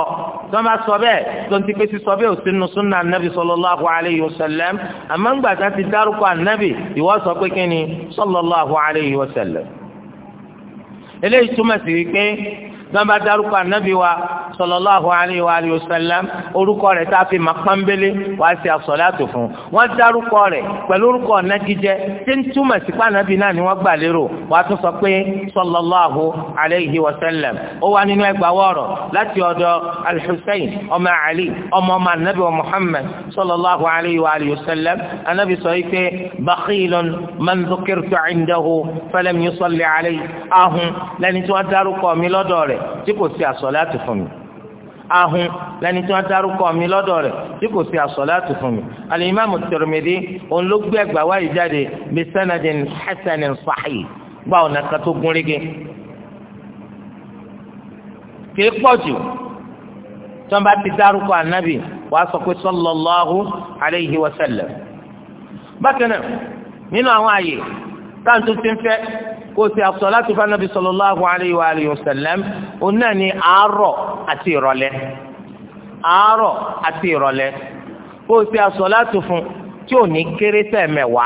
S1: tí wọ́n bá sọ bẹ́ẹ̀ tó ń ti pé sọ bẹ́ẹ̀ ò sí súnà nàbì sallallahu alayhi wa sallam àmọ́ ń gbàtà ti dárúkọ ànábì ìwọ sọ pé kí ni sallallahu alayhi wa sallam eléyìí túmọ̀ sí wípé náà bá dárúkọ ànábì wa sallallahu alayhi wa alihi wa sallam orúkọ rẹ̀ tá a fi máa pánbélé wá sí àsọ̀láàtò fún wọ́n dárúkọ rẹ̀ pẹ̀lú orúkọ ọ̀nàgíjẹ tí ń túmọ̀ sí pé ànábì náà ni wọ́n gbà lérò wá tún sọ pé sallallahu alayhi wa sallam ó wà nínú ẹgbàá wọ̀rọ̀ láti ọ̀dọ̀ al-Husayn ọmọ Ali ọmọ ọmọ ànábì wa Muhammad sallallahu alayhi wa alihi wa sallam ànábì sọ yìí pé bakhilun man dhukirtu indahu falam yusalli alayhi ahun lẹ́ni tí wọ́n dárúkọ mi lọ́dọ̀ rẹ̀ tí kò sí àsọ̀láàtì fún mi ahun lẹni tí wọn dárúkọ mi lọ́dọ̀ rẹ̀ tí kò sí àsọ̀láàtì fún mi alimami Tirmidhi òun ló gbé ẹgbàá wáyé jáde bí sanadin hasanin sahih gba ọ̀nà kan tó gúnrégé kì í pọ̀ tí wọn bá ti dárúkọ anabi wàá sọ pé sallallahu alayhi wa sallam bákan náà nínú àwọn àyè táwọn tó ti ń fẹ́ kó o ti as-salatu fa nabi sallallahu alayhi wa alihi wa sallam òun náà ní àárọ̀ àti ìrọ̀lẹ́ àárọ̀ àti ìrọ̀lẹ́ kó o ti as-salatu fún tí ò ní kéré sẹ́ẹ̀mẹ̀wá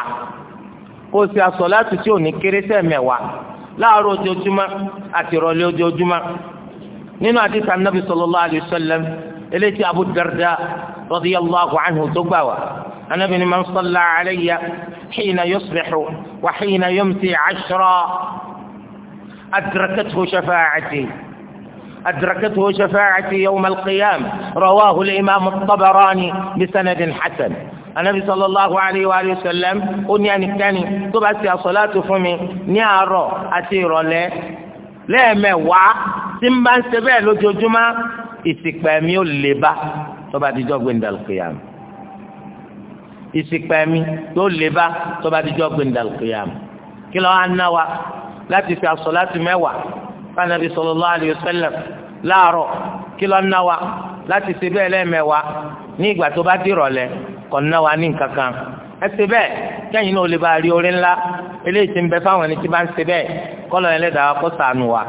S1: kó o ti as-salatu tí ò ní kéré sẹ́ẹ̀mẹ̀wá láàárọ̀ ojoojúmọ́ àti ìrọ̀lẹ́ ojoojúmọ́ nínú àdìsá nabi sallallahu alayhi wa sallam eléyìí Abu Darda radiyallahu anhu tó gbà wá. أنا بن من صلى علي حين يصبح وحين يمسي عشرا أدركته شفاعتي أدركته شفاعتي يوم القيامة رواه الإمام الطبراني بسند حسن anabi sallallahu alayhi wa sallam ó ní ẹnikẹ́ni tó bá ṣe àsọ̀láàtù fún mi ní àárọ̀ àti ìrọ̀lẹ́ lẹ́ẹ̀mẹ̀wàá tí n bá ń ṣe bẹ́ẹ̀ lójoojúmọ́ ìsìnkú ẹ̀mí ò lè bá tó bá dijọ́ gbẹ̀ndàlùkìyàmù ìsìnkpẹ́mi yóò lé bá tó bá ti jọ́ gbẹ̀ndàlùkìyàmù kí lọ́wọ́ aná wa láti fi àṣọ láti mẹ́wàá fanabi sallallahu alayhi wa sallam láàárọ̀ kí lọ́wọ́ aná wa láti ṣe bẹ́ẹ̀ lẹ́ẹ̀mẹ́wàá ní ìgbà tó bá di ìrọ̀lẹ́ kọ̀ ná wa ní nǹkan kan ẹ ṣe bẹ́ẹ̀ kẹ́yìn náà lè bá rí orí ńlá eléyìí ti ń bẹ fáwọn ẹni tí bá ń ṣe bẹ́ẹ̀ kọ́lọ̀ ẹlẹ́dàá kó ṣàánú wa.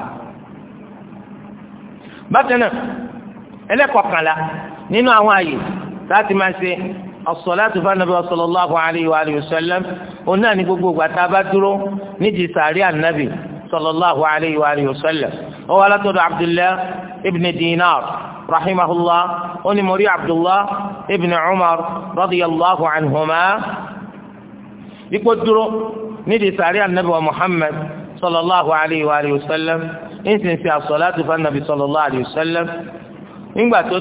S1: bákan náà ẹlẹ́kọ̀ọ́kànlá nínú àwọn àyè láti máa ṣe as-salatu fa nàbí sallallahu alayhi wa alihi wa sallam òun náà ní gbogbo ìgbà tá a bá dúró nídìí sàárì ànábì sallallahu alayhi wa alihi wa sallam ó wà látọ̀dọ̀ abdullah ibn dinar rahimahullah ó ní mọ̀rí abdullah ibn umar radiyallahu anhuma ipò dúró nídìí sàárì ànábì wa muhammad sallallahu alayhi wa alihi wa sallam ìsinsìn as-salatu fa alayhi wa sallam nígbà tó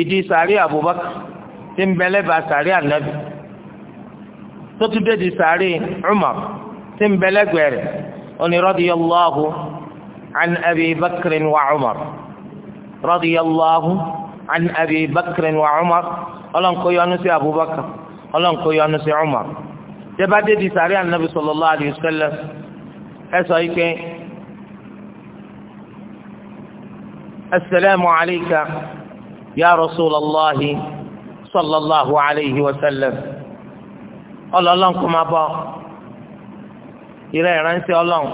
S1: ìdí sàárì abubakar tí ń bẹ lẹ́bàá sàárè ànábì tó tún dé di sàárè Umar tí ń bẹ lẹ́gbẹ̀ẹ́ rẹ̀ oní radiyallahu an Abi Bakr wa Umar radiyallahu an Abi Bakr wa Umar ọlọ́nkó yọ́nú sí Abubakar ọlọ́nkó yọ́nú sí Umar tẹ́ bá dé di sàárè ànábì sallallahu alayhi wa sallam ẹ sọ yìí pé. السلام عليك يا رسول الله sallallahu alayhi wa sallam ọlọ́lọ́n kò máa bọ̀ ìrẹ́ ìránṣẹ́ ọlọ́n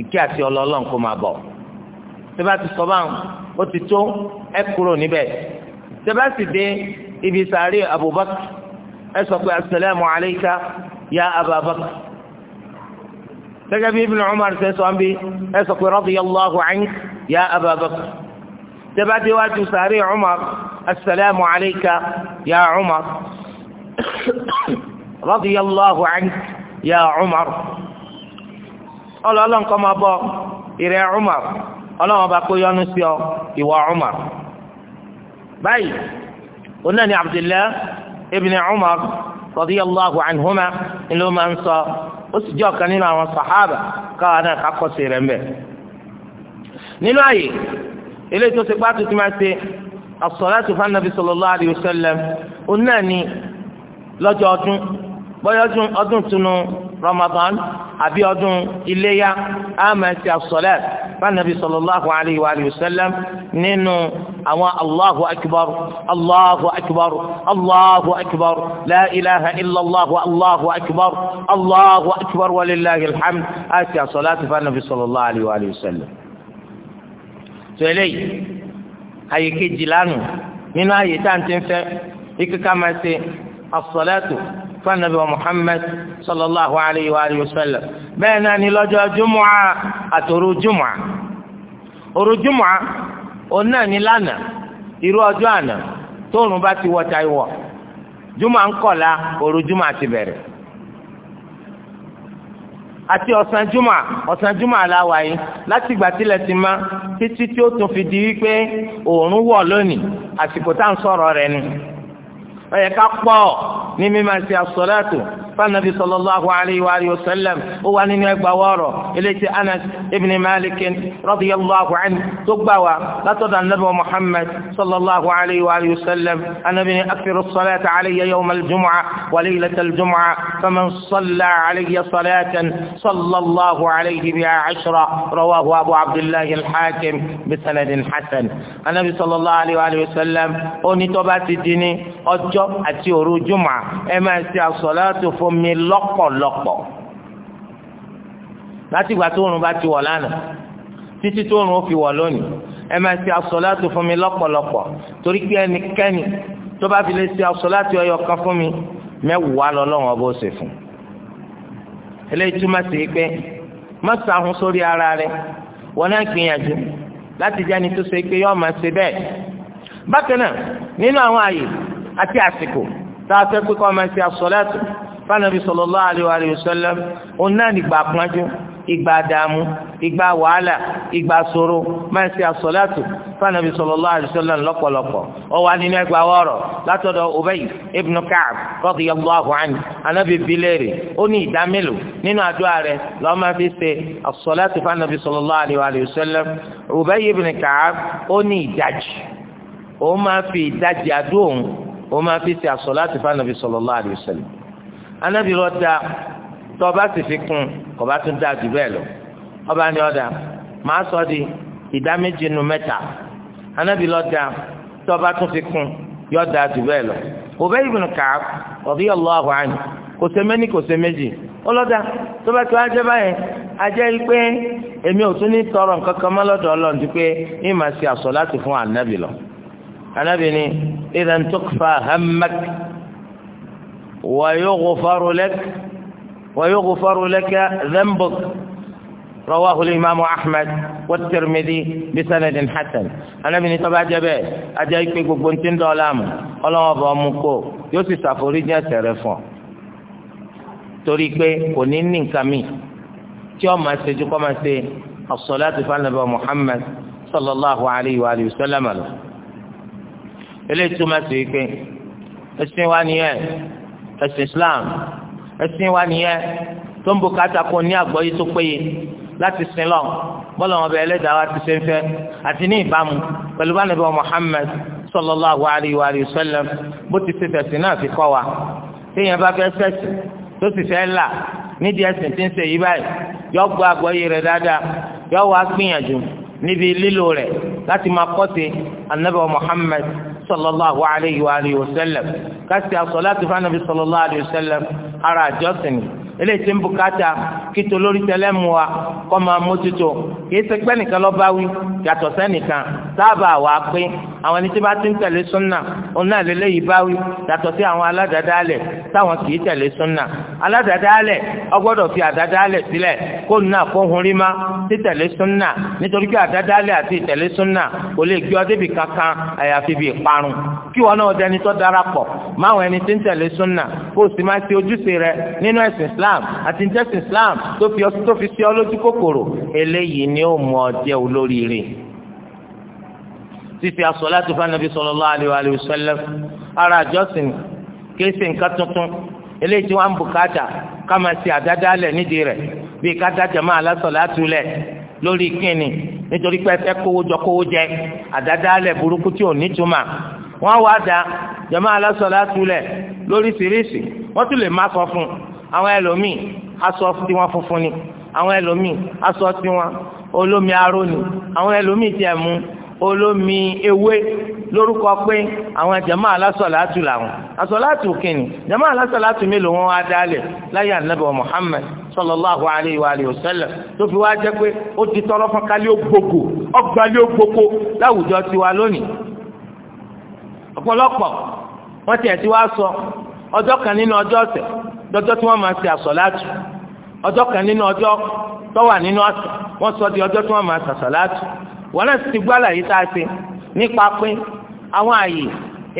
S1: ìkí àti ọlọ́lọ́n kò máa bọ̀ tẹ́bá ti sọ báwọn ó ti tó ẹ kúrò níbẹ̀ tẹ́bá sì dé ibi sàárè abubakar ẹ sọ pé asalaamu alayka ya ababakar gẹ́gẹ́ bí ibn umar ṣe sọ ẹ sọ pé radiyallahu anka ya ababakar tẹ́bá dé wájú sàárè umar. السلام عليك يا عمر رضي الله عنك يا عمر قال الله انكم ابا يا عمر الله باكو يونس يا عمر باي قلنا عبد الله ابن عمر رضي الله عنهما اللي هم انصى اسجوا كانوا والصحابه كان حق سيرمبه نينو اي ilé tó ti pa tuntun máa ṣe as-salatu fan nabi sallallahu alayhi wa sallam òun náà ni lọ́jọ́ ọdún bóyá ọdún ọdún tunu Ramadan àbí ọdún iléyà á máa ṣe as-salat fan nabi sallallahu alayhi wa sallam nínú àwọn allahu akbar allahu akbar allahu akbar la ilaha illallah allahu akbar allahu akbar walillahi alhamd á ṣe as-salatu fan nabi sallallahu alayhi àyè kejì lánàá nínú àyè tá à ń ti fẹ́ ikú ká máa ṣe as-salatu fún Ànábì Muhammad sallallahu alayhi wa alihi wa sallam bẹ́ẹ̀ náà ni lọ́jọ́ jùmùà àtòrò jùmùà òru jùmùà òun náà ni lánàá irú ọjọ́ àná tóòrùn bá ti wọ taiwọ̀ jùmùà ńkọ̀la òru jùmùà ti bẹ̀rẹ̀ àti ọ̀sán jùmọ̀ ọ̀sán jùmọ̀ aláwa yìí láti ìgbà tílẹ̀ ti mọ́ títí tí ó tún fi di wípé òòrùn wọ̀ lónìí àsìkò tá à ń sọ̀rọ̀ rẹ̀ ni ó yẹ ká pọ̀ ní mímọ̀ sí asọ́lẹ́tò fanabi sallallahu alayhi wa alihi wa sallam ó wà nínú ẹgbà wọ́ọ̀rọ̀ eléyìí anas ibn malik radiyallahu anhu tó gbà wá látọ̀dọ̀ anabi muhammad sallallahu alayhi wa alihi wa sallam anabi ni akfiru salata alayya yawm aljumca wa laylata aljumca faman salla alayya salatan sallallahu alayhi biha cashra rawahu abu abdullahi alxaakim bisanadin xasan anabi sallallahu alayhi wa alihi wa sallam ó ní tó bá ti di ní ọjọ́ àti òru jumca ẹ máa ṣe àsọlá tó fún bomi lọ́pọ̀lọpọ̀ láti ìgbà tó oòrùn bá ti wọ̀ lánàá títí tó oòrùn ó fi wọ̀ lónìí ẹ máa ṣe àsọ̀láàtù fún mi lọ́pọ̀lọpọ̀ torí pé ẹnikẹ́ni tó bá fi lè ṣe àsọ̀láàtù ọyọ kan fún mi mẹ́wàá lọ́lọ́run ọba ó ṣe fún eléyìí túmọ̀ sí pé má sàhún sórí ara rẹ wọn náà gbìyànjú láti jáni tó ṣe pé yọọ máa ṣe bẹ́ẹ̀ bákan náà nínú àwọn àyè àti àsìkò tá a fẹ́ pé kọ́ máa ṣe àsọ̀láàtù fanabi sallallahu alaihi wa alihi wasallam òun náà nígbà pọ́njú ìgbà dààmú ìgbà wàhálà ìgbà ṣòro máa ṣe àsọlátù fanabi sallallahu alaihi wasallam lọ́pọ̀lọpọ̀ ó wà nínú ẹgbà wọrọ látọ̀dọ̀ Ubay ibn Ka'b radiyallahu anhu anabi bilẹri ó ní ìdá mélòó nínú àdúrà rẹ̀ ló máa fi ṣe àsọlátù fanabi sallallahu alaihi wa alihi wasallam Ubay ibn Ka'b ó ní ìdajì ó máa fi ìdajì àdúrà òun ó máa fi ṣe àsọlátù fanabi sallallahu alaihi wasallam anabi lọ da tọba sì fi kún kọba tún da jù bẹ́ẹ̀ lọ ọba ni ọ̀dà màá sọ di ìdá méjì nu mẹ́ta anabi lọ da tọba tún fi kún yọ da jù bẹ́ẹ̀ lọ Ubay ibn Ka'b radiyallahu anhu kò ṣe méní kò ṣe méjì ọlọ́dà tó bá tó ajẹ́ báyẹn ajẹ́ yìí pé èmi ò tún ní tọrọ nǹkan kan mọ́ lọ́dọ̀ ọlọ́run ti pé ní màá ṣe àsọ̀láàtì fún ànábì lọ. ànábì ni idan tukfa hammak ويغفر لك ويغفر لك ذنبك رواه الإمام أحمد والترمذي بسند حسن أنا من تبع جبال أجايك بنتين دولام الله أبو أمكو يوسف سافوري جاء تلفون torí pé kò ní ní nǹkan mi tí ó máa ṣe ju kọ́ máa ṣe as-salatu fún Ànábì Muhammad sallallahu alayhi wa sallam lọ. eléyìí túmọ̀ sí pé ẹ̀sìn wa nìyẹn ẹ̀sìn islam ẹ̀sìn wa nìyẹn tó ń bùkátà kó ní àgbọ́yé tó péye láti sin lọ bọ́lá wọn bẹ ẹlẹ́dàá wa ti ṣe àti ní ìbámu pẹ̀lú bá nàbẹ̀ Muhammad sallallahu alayhi wa sallam bó ti ṣe fẹ̀sìn náà fi kọ́ wa téèyàn bá fẹ́ sẹ́sìn tó sì fẹ́ là nídìí ẹ̀sìn tí ń ṣe yí báyìí yọ gbọ́ àgbọ́yé rẹ̀ dáadáa yọ wá gbìyànjú níbi lílo rẹ̀ láti máa kọ́ Muhammad sallallahu alayhi wa alihi wa sallam kásì àsọ̀láàtì fánàbí sallallahu alayhi wa sallam ara àjọsìn ni eléyìí tí ń bùkátà kí tolórí tẹlẹ́mu wa kọ́ máa mójútó kì í yàtọ̀ sẹ́nìkan sábà wà pé àwọn ẹni tí bá ti ń tẹ̀lé súnà òun náà lélẹ́yìí báwí yàtọ̀ sí àwọn aládàádáalẹ̀ táwọn kì í tẹ̀lé súnà aládàádáalẹ̀ ọgbọ́dọ̀ fi àdáadáalẹ̀ sílẹ̀ kó nà kó hun rí má títẹ̀lé súnà nítorí pé àdáadáalẹ̀ àti ìtẹ̀lé súnà kò lè gbé ọ débi kankan àyàfi bíi parun kí wọn náà dẹni tó darapọ̀ máwọn ẹni tí ń tẹ̀lé súnà kó Islam àti Islam tó fi sí ọ lójú kòkòrò eléyìí ni ó mú títí asọ̀láàtì fanabi sallallahu alayhi wa sallam ara àjọsìn kìí ṣe nǹkan tuntun eléyìí tí wọ́n á bùkátà ká máa ṣe àdáda lẹ̀ nídìí rẹ̀ bíi ká dájà máa lásọ̀láàtì lẹ̀ lórí kínni nítorí pé ẹfẹ́ kówó jọ kówó jẹ àdáda lẹ̀ burúkú tí ò ní túmọ̀ wọ́n wá da jama alásọ̀láàtì lẹ̀ lóríṣiríṣi wọ́n tún lè má sọ fún àwọn ẹlòmíì aṣọ tí wọ́n funfun ni àwọn ẹlòmíì aṣọ tí wọ́n olómi aró ni àwọn ẹlòmíì tiẹ̀ mú olómi ewé lórúkọ pé àwọn jama alásọ̀láàtù làwọn asọ̀láàtù kìnnì jama alásọ̀láàtù mélòó wọn wá dálẹ̀ láyé ànábì Muhammad sallallahu alayhi wa alihi wa sallam tó fi wá jẹ́ pé ó ti tọrọ fún kálí ògbógbò ọgbà lé ògbógbò láwùjọ tiwa lónìí ọ̀pọ̀lọpọ̀ wọ́n tiẹ̀ ti sọ ọjọ́ kan nínú ọjọ́ ọ̀sẹ̀ dọ́jọ́ tí wọ́n máa ṣe ọjọ́ kan nínú ọjọ́ nínú ọ̀sẹ̀ wọ́n sọ di ọjọ́ tí wọ́n máa wọn náà ti gbọ́ àlàyé tá a ṣe nípa pé àwọn àyè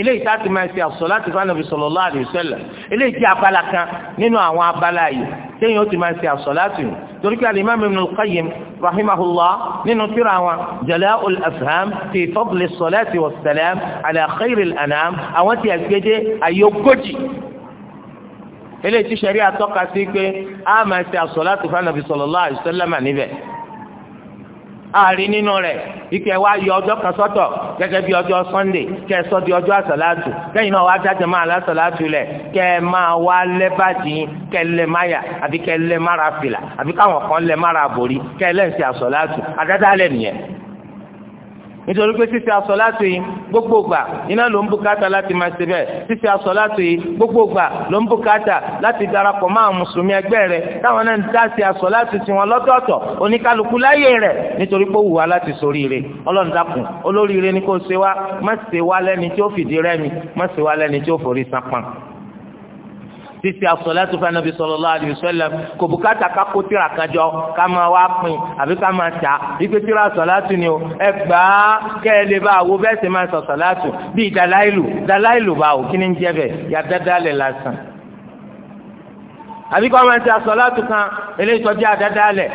S1: eléyìí tá a ti máa ṣe àsọ̀láàtì fún Ànábì sallallahu alaihi wasallam eléyìí jẹ́ abala kan nínú àwọn abala yìí téèyàn ó ti máa ṣe àsọ̀láàtì nù torí pé al-Imam Ibn al-Qayyim rahimahullah nínú tírà wọn Jala'ul Afham fi fadli as-salati was-salam ala khayril anam àwọn ti àgbẹ̀dẹ̀ ayé ogójì eléyìí ti ṣẹ̀rí atọ́ka sí pé a máa ṣe àsọ̀láàtì fún Ànábì sallallahu alaihi wasallam níbẹ̀ àárín nínú rẹ̀ ike wa yọ ọjọ́ kan sọ́tọ̀ gẹ́gẹ́ bí ọjọ́ sunday kẹ́ ẹ sọ di ọjọ́ àsàlátù kẹ́yìn náà wá dájẹ́ máa lásàlátù lẹ̀ kẹ́ ẹ máa wá lẹ́bàdì kẹ́ ẹ lẹ́ máyà àbí kẹ́ ẹ mára fìlà àbí káwọn kan lẹ́ mára àbòrí kẹ́ ẹ lẹ́ǹsì àsàlátù àdáda lẹ́ nìyẹn nítorí pé ṣíṣe àsọ̀látù yìí gbogbo gbà iná ló ń bùkátà láti máa ṣe bẹ́ẹ̀ ṣíṣe àsọ̀látù yìí gbogbo gbà ló ń bùkátà láti darapọ̀ máa mùsùlùmí ẹgbẹ́ rẹ̀ táwọn náà ń dá ṣe àsọ̀látù tiwọn lọ́tọ̀ọ̀tọ̀ oníkálukú láyé rẹ̀ nítorí pé ó láti soríire ọlọ́run dákun olóríire ni kò ṣe wá má ṣe wá lẹ́ni tí ó fìdí rẹ́mi má ṣe wá lẹ́ni tí ó forí sápọn títí asọ̀lẹ́tù fún anabi sallallahu alaihi wasallam kò bùkátà ká kó tíra kan jọ ká máa wá pin àbí ká máa tà ipe tíra asọ̀lẹ́tù ni o ẹ gbà á kẹ́ ẹ lè bá àwo bẹ́ẹ̀ sì máa sọ̀sọ̀lẹ́tù bíi dalailu dalailu bá o kí ni ń jẹ́ bẹ̀ yà dáadáa lẹ̀ lásán àbí kọ́ máa ti asọ̀látù kan eléyìí tọ́jú àdádálẹ̀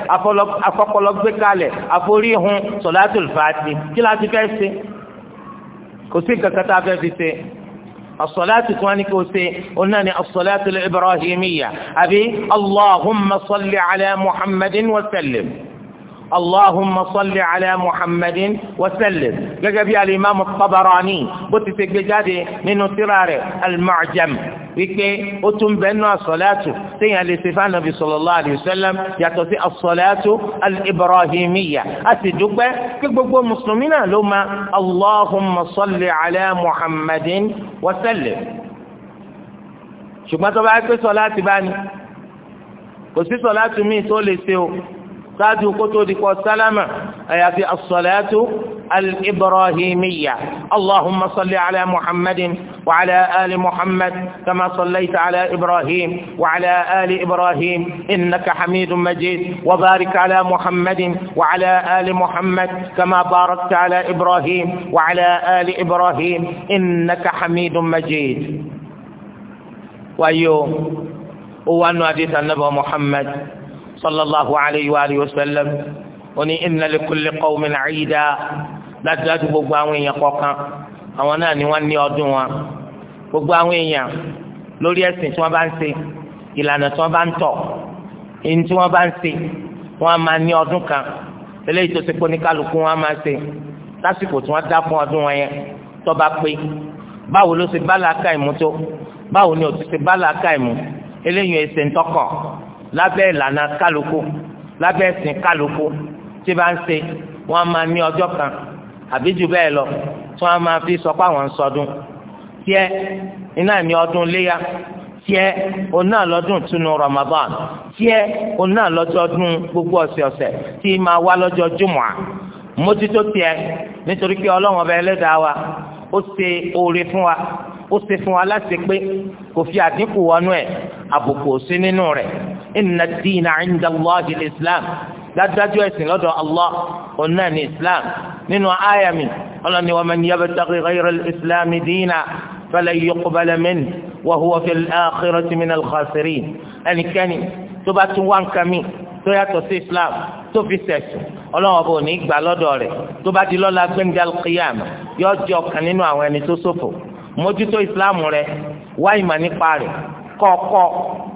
S1: afọpọlọgbé kalẹ̀ àforíhun sọ̀látù fàtì kí láti fẹ́ ṣe kò sí kankan tá a fẹ́ fi ṣe الصلاة كواني كوسي أناني الصلاة الإبراهيمية أبي اللهم صل على محمد وسلم اللهم صل على محمد وسلم جاب يا الامام الطبراني قلت في جاده من ترار المعجم وكي أتم بأنها صلاة تيها لاستفانة صلى الله عليه وسلم يتوفي الصلاة الإبراهيمية أتدوك كيف يقول مسلمين لما اللهم صل على محمد وسلم شو ما تبعك في صلاة باني قلت في صلاة مين تقول لي سيو ṣáájú kótó dikọ̀ أي في الصلاة الإبراهيمية اللهم صل على محمد وعلى آل محمد كما صليت على إبراهيم وعلى آل إبراهيم إنك حميد مجيد وبارك على محمد وعلى آل محمد كما باركت على إبراهيم وعلى آل إبراهيم إنك حميد مجيد وأيوه وأن حديث النبي محمد sallallahu alayhi wa alihi wa sallam ó ní inna li kulli qawmin 'ida dájúdájú gbogbo àwọn èèyàn kọ̀ọ̀kan àwọn náà ni wọ́n ní ọdún wọn gbogbo àwọn èèyàn lórí ẹ̀sìn tí wọ́n bá ń ṣe ìlànà tí wọ́n bá ń tọ̀ èyí tí wọ́n bá ń ṣe wọ́n máa ní ọdún kan eléyìí tó ti pé oníkálukú wọn máa ṣe lásìkò tí wọ́n dá fún ọdún wọn yẹn tó pé báwo ló ṣe bá làákà ìmú tó báwo ni ò ti ṣe bá làákà ìmú eléyìí ẹsẹ̀ ń lábẹ́ ìlànà kálukú lábẹ́ ẹ̀sìn kálukú tí bá ń ṣe wọ́n á máa ní ọjọ́ kan àbí jù bẹ́ẹ̀ lọ tí wọ́n á máa fi sọ pé àwọn ń sọdún tiẹ́ iná ní ọdún léyà tiẹ́ òun náà lọ́dún túnú Ramadan tiẹ́ òun náà lọ́jọ́ ọdún gbogbo ọ̀sẹ̀ ọ̀sẹ̀ tí máa wá lọ́jọ́ jùmọ̀ à mójútó tiẹ̀ nítorí pé ọlọ́run ọba ẹlẹ́dàá wa ó ṣe oore fún wa ó ṣe fún wa láti pé kò fi àdínkù wọnú ẹ̀ àbùkù òsín nínú rẹ̀ inna ad-dina 'inda Allahi al-islam dájúdájú ẹ̀sìn lọ́dọ̀ allah òun náà ní islam nínú àyà mi ọlọ́ni wa man yabtaghi ghayra al-islam dinan falan yuqbala minhu wa huwa fil-akhirati mina al-khasirin ẹnikẹ́ni tó bá tún wá nǹkan mi tó yàtọ̀ sí islam tó fi sẹ̀sùn ọlọ́wọ́n bò ní gbà lọ́dọ̀ rẹ̀ tó bá di lọ́la gbẹ̀ngà al-qiyamah yóò jẹ́ nínú àwọn ẹni tó ṣòfò mójútó islam rẹ̀ wá ìmọ̀ nípa rẹ̀ kọ́ọ̀kọ́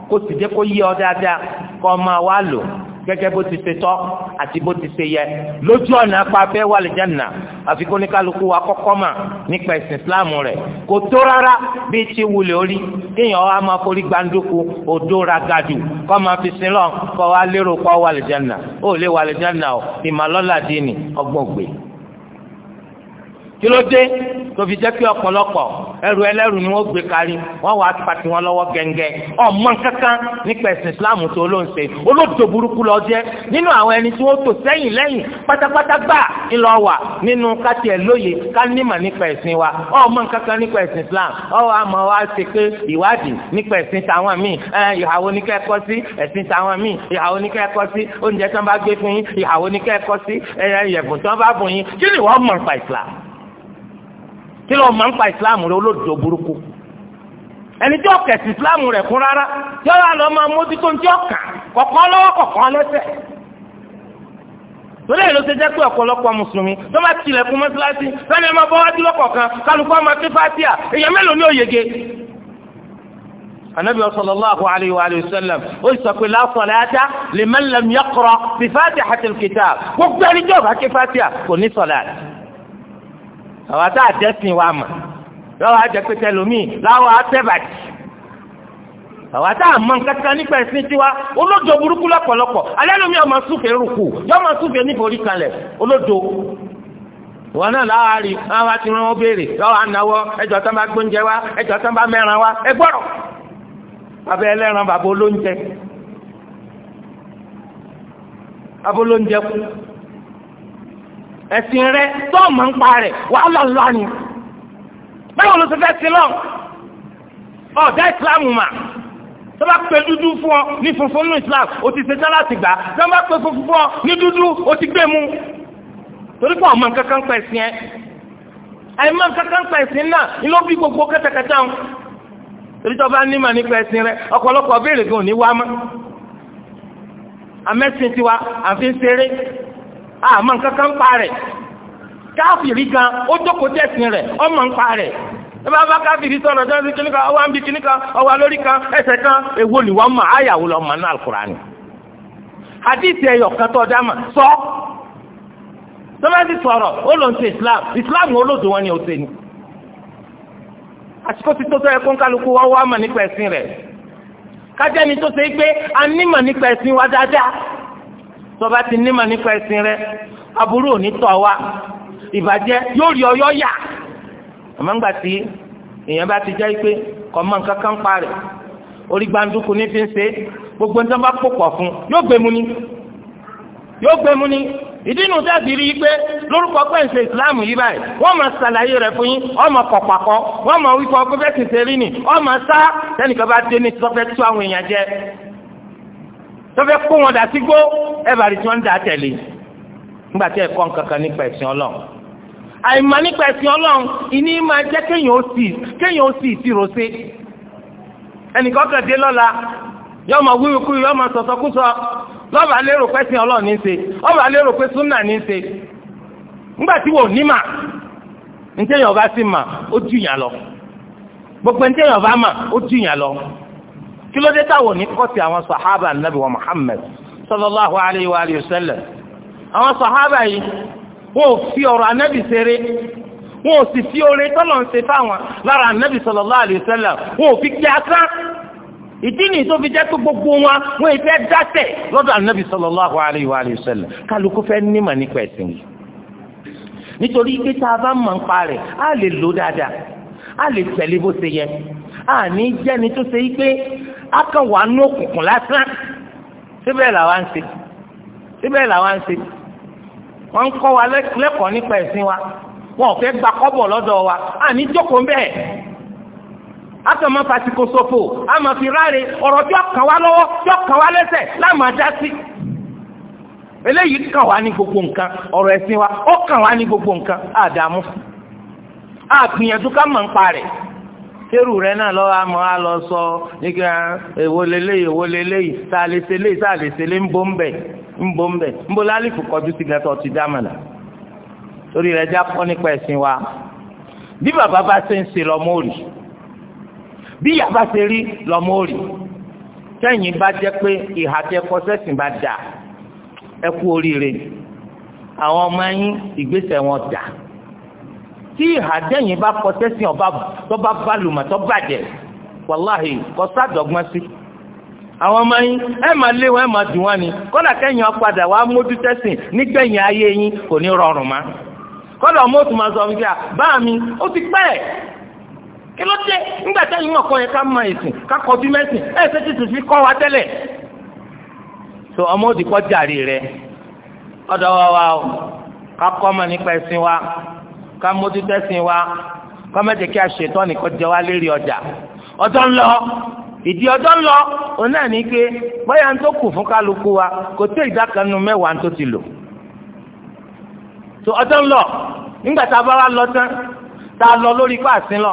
S1: kó sì jẹ́ kó yé ọ dáadáa kọ́ ọ máa wá lò gẹ́gẹ́ bó ti ṣe tọ́ àti bó ti ṣe yẹ lójú ọ̀nà apáfẹ́ wà lè jẹ́nà àfi kó ní kálukú wa kọ́kọ́ mà nípa ẹ̀sìn ìsìláàmù rẹ̀ kò tó rárá bí ti wulẹ̀ orí kéèyàn wa máa forí gbàǹdùkú odó ra gàdù kọ́ máa fi sin kọ́ wa lérò kọ́ wà lè jẹ́nà ó lè wà lè jẹ́nà ọ̀ ìmàlọ́ládìní ọgbọ̀n gbé kí ló dé tó fi jẹ́ kí ọ̀pọ̀lọpọ̀ ẹrù ẹlẹ́rù ni wọ́n gbé kárí wọ́n wá pàtì wọn lọ́wọ́ gẹ́ngẹ́ ọmọ kankan nípa ẹ̀sìn islam tó ló ń ṣe olóòtú burúkú lọ jẹ́ nínú àwọn ẹni tí wọ́n tò sẹ́yìn lẹ́yìn pátápátá gbà ńlọ wà nínú káti ẹ̀ lóye ká nímọ̀ nípa ẹ̀sìn wa ọmọ kankan nípa ẹ̀sìn islam ọwọ́ àmọ́ wa ṣe pé ìwádìí nípa ẹ̀sìn tàwọn míì ìhàwó ní kẹ́kọ́ sí ẹ̀sìn tàwọn míì ìhàwó ní kẹ́kọ́ sí oúnjẹ tán bá gbé fún yín ìhàwó ní kẹ́kọ́ sí ẹ̀yẹ̀fùn tán bá bùn yín kí ni wọ́n mọ̀ nípa islam kí lọ́ọ́ máa ń pa ìsìláàmù rẹ olóòjọ burúkú ẹni tí ọ̀kẹ́ sí ìsìláàmù rẹ kún rárá tí ọ̀rọ̀ àlọ́ máa mójútó ní tí ọ̀kà kọ̀ọ̀kan lọ́wọ́ kọ̀ọ̀kan lẹ́sẹ̀ torí èlò ṣe jẹ́ pé ọ̀pọ̀lọpọ̀ mùsùlùmí tó bá tilẹ̀kùn mọ́sálásí sani ọmọ bọ́ wájú lọ́kọ̀ọ̀kan kálukú ọmọ ké fátíà èèyàn mélòó ní òyege. anabi sallallahu alayhi wa sallam ó sọ pé la salata liman lam yaqra bi gbogbo ẹni jọba ké fátíà kò ní sọ̀lá àwa tá a dẹ́sìn wa mà lọ́wọ́ àjẹ pété lomi láwọ́ àtẹ́bàjì àwa tá a mọ kankan nípa ẹ̀sìn tiwa olódo burúkú lọ́pọ̀lọpọ̀ alẹ́ lomi ọmọ súfèé rúkú yọmọ súfèé níforí kalẹ̀ olódo wọn náà láwárí láwọn àti wọn béèrè lọ́wọ́ ànáwọ́ ẹjọ́ tán bá gbóúnjẹ wa ẹjọ́ tán bá mẹ́ran wa ẹ gbọ́rọ̀ abẹ́ ẹlẹ́ran bàbá olóúnjẹ abolóúnjẹ kú ẹ̀sìn rẹ tọ́ọ̀mù ń pa rẹ̀ wàhálà ńlá ni báwo ló ti fẹ́ sí lọ ọ̀dá ìsìláàmù mà tó bá pe dúdú fún ọ ní funfun ní islam o ti ṣetán láti gbà tó bá pe funfun fún ọ ní dúdú o ti gbé mu torí pé ọmọ nǹkan kan pẹ̀ sí ẹ àìmọ̀ nǹkan kan pẹ̀ sí náà ni ló bí gbogbo kẹtẹkẹtẹ ń torí tó bá nímọ̀ nípa ẹ̀sìn rẹ ọ̀pọ̀lọpọ̀ béèrè gan ò ní wá mọ́ amẹ́sìn tiwa àfi ń ṣeré àmọ́ nǹkan pa rẹ̀ káfìrí gan ó jókòó tẹ̀sìn rẹ̀ ọmọ ń pa rẹ̀ ẹ bá káfìrí sọ̀rọ̀ jọ́sí kan ọwọ́ àǹbí kíní ọwọ́ alórí kan ẹsẹ̀ kan èwo ni wọ́n mọ̀ áyàwó lọ́ọ́ mọ̀ ní alukurani àdìsí kan tó sọ Islam Islam olódò wọn ni ó ṣe ni àsìkò tó kálukú nípa ẹ̀sìn rẹ̀ kájẹ́ni tó ṣe é tó bá ti nímọ̀ nípa ẹ̀sìn rẹ aburú ò ní tọ̀ wá ìbàjẹ́ yóò rí ọyọ́ yà àmọ́ ńgbà tí èèyàn bá ti jẹ́ pé kò mọ nǹkan kan pa rẹ̀ orí gbàǹdùkú ní fi ń ṣe gbogbo ní tó bá pò pọ̀ fún yóò gbé mu ni yóò gbé mu ni ìdí inú dàbí rí i pé lórúkọ pẹ̀nsẹ̀ ìsìláàmù yìí báyìí wọ́n máa ṣàlàyé rẹ̀ fún yín ọmọ kọ̀pàkọ́ wọ́n máa wípọ̀ pé bẹ́ẹ̀ ti ṣe rí ni ọmọ sá tẹnìkan bá dé ní sọ́fẹ́ tú àwọn èèyàn jẹ tọ́fẹ́ kó wọn dà sí gbó ẹ bá rí tí wọ́n ń dà tẹ̀lé nígbà tí ẹ̀kọ́ kankan nípa ẹ̀sìn ọlọ́run àìmọ̀ nípa ẹ̀sìn ọlọ́run ìní máa jẹ́ kéèyàn ó sì kéèyàn ó sì ìṣirò sí ẹnìkan kan dé lọ́la yọ ọmọ wíwíkú yọ ọmọ sọ̀sọ́kúsọ lọ́ba lérò pé ẹ̀sìn ọlọ́run ní í ṣe ọba lérò pé súnà ní í ṣe nígbà tí wò ní mà ntẹ́yìn ọba sì mà ó jù yàn lọ gbogbo ntẹ́yìn ọba mà ó jù yàn lọ kí ló dé táwọn ò ní kọ́ ti àwọn sàhábà nàbì wa Muhammad sallallahu alayhi wa alihi wa sallam àwọn sàhábà yìí wọn ò fi ọ̀rọ̀ anábì ṣeré wọn ò sì fi oore tọ́lọ̀ ń ṣe fáwọn lára anábì sallallahu alayhi wa sallam wọn ò fi kí asá ìdí nìyí tó fi jẹ́ pé gbogbo wọn wọn ì fẹ́ dásẹ̀ lọ́dọ̀ anábì sallallahu alayhi wa sallam kálukú fẹ́ nímọ̀ nípa ẹ̀sìn yìí nítorí pé tá a bá mọ̀ ń pa rẹ̀ á lè lò dáadáa á lè tẹ̀lé bó ṣe yẹ àní jẹ́ni tó ṣe yí pé a wà ní òkùnkùn lásán síbẹ̀ làwa ń síbẹ̀ làwa ń wọ́n ń wa lẹ́kọ̀ọ́ nípa ẹ̀sìn wa wọn gba kọ́bọ̀ lọ́dọ̀ wa àní jókòó a a máa fi ráre ọ̀rọ̀ tí wa lọ́wọ́ tí wa lẹ́sẹ̀ láàmà já sí eléyìí kàn wá ní gbogbo nǹkan ọ̀rọ̀ ẹ̀sìn wa ó kàn wá ní gbogbo nǹkan àgbìyànjú ká ń pa sẹ́rù rẹ náà lọ́wọ́ àmọ́ á lọ sọ nígbà èwo leléyìí èwo leléyìí tá a lè ṣe léyìí tá a lè ṣe lé ń bó ń bẹ̀ ń bó ń bẹ̀ ń bó lálìfù kọjú sí gẹ́tọ̀ ti dámàlà torí rẹ já kọ́ nípa ẹ̀sìn wa bí bàbá bá ṣe ń ṣe lọ́mọ òrì bí ìyá bá ṣe rí lọ́mọ òrì tẹ́yìn bá jẹ́ pé ìhà tẹ kọ sẹ́sìn bá dà ẹ oríire àwọn ọmọ yín ìgbésẹ̀ wọn dà. tí ìhàjẹ́yìn bá kọ sẹ́sìn ọba tó bá balùmọ̀ tó bàjẹ́ wàláhì kò sádọ́gbọ́n sí. àwọn ọmọ yìí ẹ máa lé ẹ máa dùn wọn ni kọ́dà kẹ́yìn ọ̀padà wàá mójú tẹ́sìn nígbẹ̀yìn ayé yín kò ní rọrùn má. kọ́dà ọmọ òtún máa sọ fún mi bá mi ó ti pẹ́ ẹ̀ kí ló dé nígbà táyìn wọn kọ́ yẹ ká mọ ẹ̀sìn ká kọ́ bí mẹ́sìn ẹ̀ ṣe ti kọ́ wa tẹ́lẹ̀. so ọmọ òdìkọ́ jàre rẹ ọ̀dọ̀ wa wa kakọ́ nípa ẹ̀sìn wa ká mójútó ẹ̀sìn wa ká má jẹ́ kí àṣetọ́ nìkan jẹ wá lérí ọjà ọjọ́ ń lọ ìdí ọjọ́ ń lọ òun náà ní pé bóyá ń tó kù fún kálukú wa kò tó ìdákanu mẹ́wàá ń tó ti lò tó ọjọ́ ń lọ nígbà tá a bá wá lọ tán tá a lọ lórí ipá àsìn lọ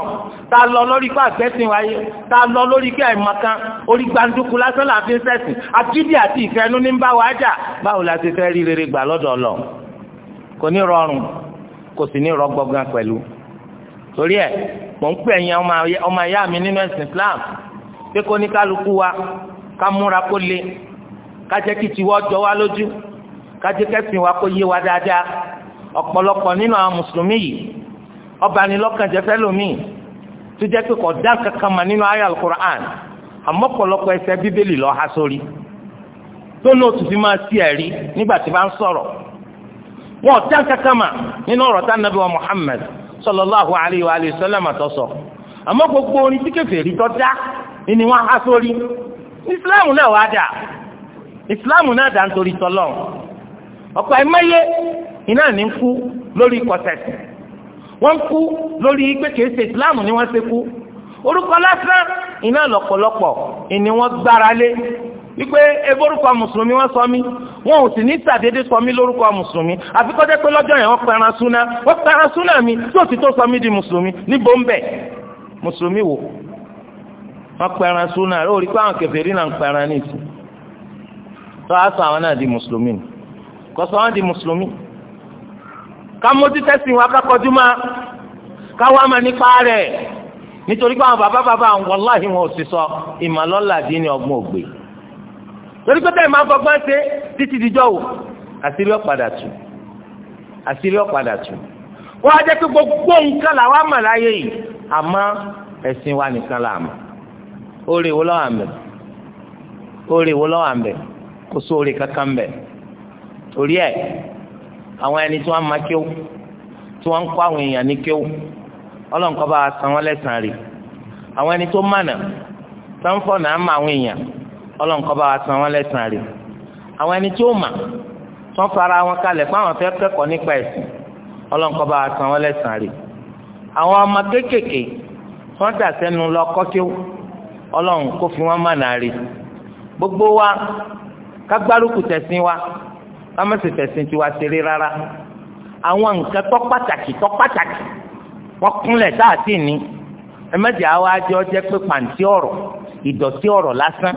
S1: tá a lọ lórí ipá àgbẹ̀sìn wáyé tá a lọ lórí ipá ìmọ̀kan orí gbàǹdùkú lásán là fi ń àti ìfẹ́nu ní ń bá wa jà báwo la ti fẹ́ rí rere gbà lọ́dọ̀ ọlọ kò ní rọrùn kò sì ní rọgbọgán pẹ̀lú torí ẹ mò ń pè yín ọmọ ẹ̀yà mi nínú ẹ̀sìn Islam pé kó ní kálukú wa ká múra kó le ká jẹ́ kí tiwọ́ jọ wá lójú ká jẹ́ kẹ́sìn wa kó yé wa dáadáa ọ̀pọ̀lọpọ̀ nínú àwọn mùsùlùmí yìí ọbanilọ́kànjẹ́ fẹ́ lómi tó jẹ́ pé kò dá kankan mà nínú ayé alukur'an àmọ́ ọ̀pọ̀lọpọ̀ ẹsẹ̀ bíbélì lọ́ha sórí tó náà tún fi máa sí ẹ̀rí nígbà tí bá ń sọ̀rọ̀ wọn ọ̀dá kankan nínú ọ̀rọ̀ tá wa Muhammad sallallahu alayhi wa sallam àtọ́sọ àmọ́ gbogbo orin tí kèfèrí tó dá ni wọ́n há sórí Islam náà wá dà Islam náà dà nítorí iná ní kú lórí kọ̀sẹ̀tì kú lórí pé kìí ṣe Islam ni wípé eborúkọ mùsùlùmí wọ́n sọ mí wọn ò sì ní sàdédé sọ mí lórúkọ mùsùlùmí àfi kó jẹ́ pé lọ́jọ́ yẹn wọ́n súná wọ́n pẹran súná mi tí ò sì tó sọ mí di mùsùlùmí níbo ń bẹ̀ mùsùlùmí wò wọ́n pẹran súná rẹ̀ orí pé àwọn kèfèrí náà ń pẹran ní tó a sọ àwọn náà di mùsùlùmí ni kò sọ wọn di mùsùlùmí ká mójú tẹ́sìn wa kákọjú máa ká wá máa nípa rẹ̀ nítorí pé àwọn bàbá bàbá àwọn wọláhìn wọn ò sì sọ ìmàlọ́ládìí torí pé bẹ́ẹ̀ máa fọgbọ́n ṣe títí dijọ́ wò àṣírí ọ̀padà tù àṣírí ọ̀padà tù wọ́n á jẹ́ pé gbogbo nǹkan làwọn àmà láyé yìí àmọ́ ẹ̀sìn wa nìkan là mọ̀ oore wo lọ́wọ́ àmì oore wo lọ́wọ́ àmì kò sí oore kankan bẹ̀ torí ẹ̀ àwọn ẹni tí wọ́n máa kéwò tí wọ́n ń kọ́ àwọn èèyàn ní kéwò ọlọ́nkọ́ bá san lẹ́sàn-án rè àwọn ẹni tó mànà sanfọ̀ náà àwọn èèyàn ọlọ́nkọ́ bá wa san wọ́n lẹ́sàn-án rẹ̀ àwọn ẹni tí ó mà tán fara wọn kalẹ̀ fún àwọn fẹ́ kẹ́kọ̀ọ́ nípa ẹ̀sìn ọlọ́nkọ́ bá wa san wọ́n lẹ́sàn-án rẹ̀ àwọn ọmọ kéékèèké tán dà sẹ́nu lọ kọ́kíó ọlọ́run kó fi wọ́n mànà rẹ̀ gbogbo wa kágbárùkù tẹ̀sìn wa kámẹ́sì tẹ̀sìn tiwa ṣeré rárá àwọn nǹkan tó pàtàkì tó pàtàkì wọ́n kúnlẹ̀ táàtì ní ẹ̀mẹ́jẹ̀ àwa jẹ́ pé pàǹtí ọ̀rọ̀ ìdọ̀tí ọ̀rọ̀ lásán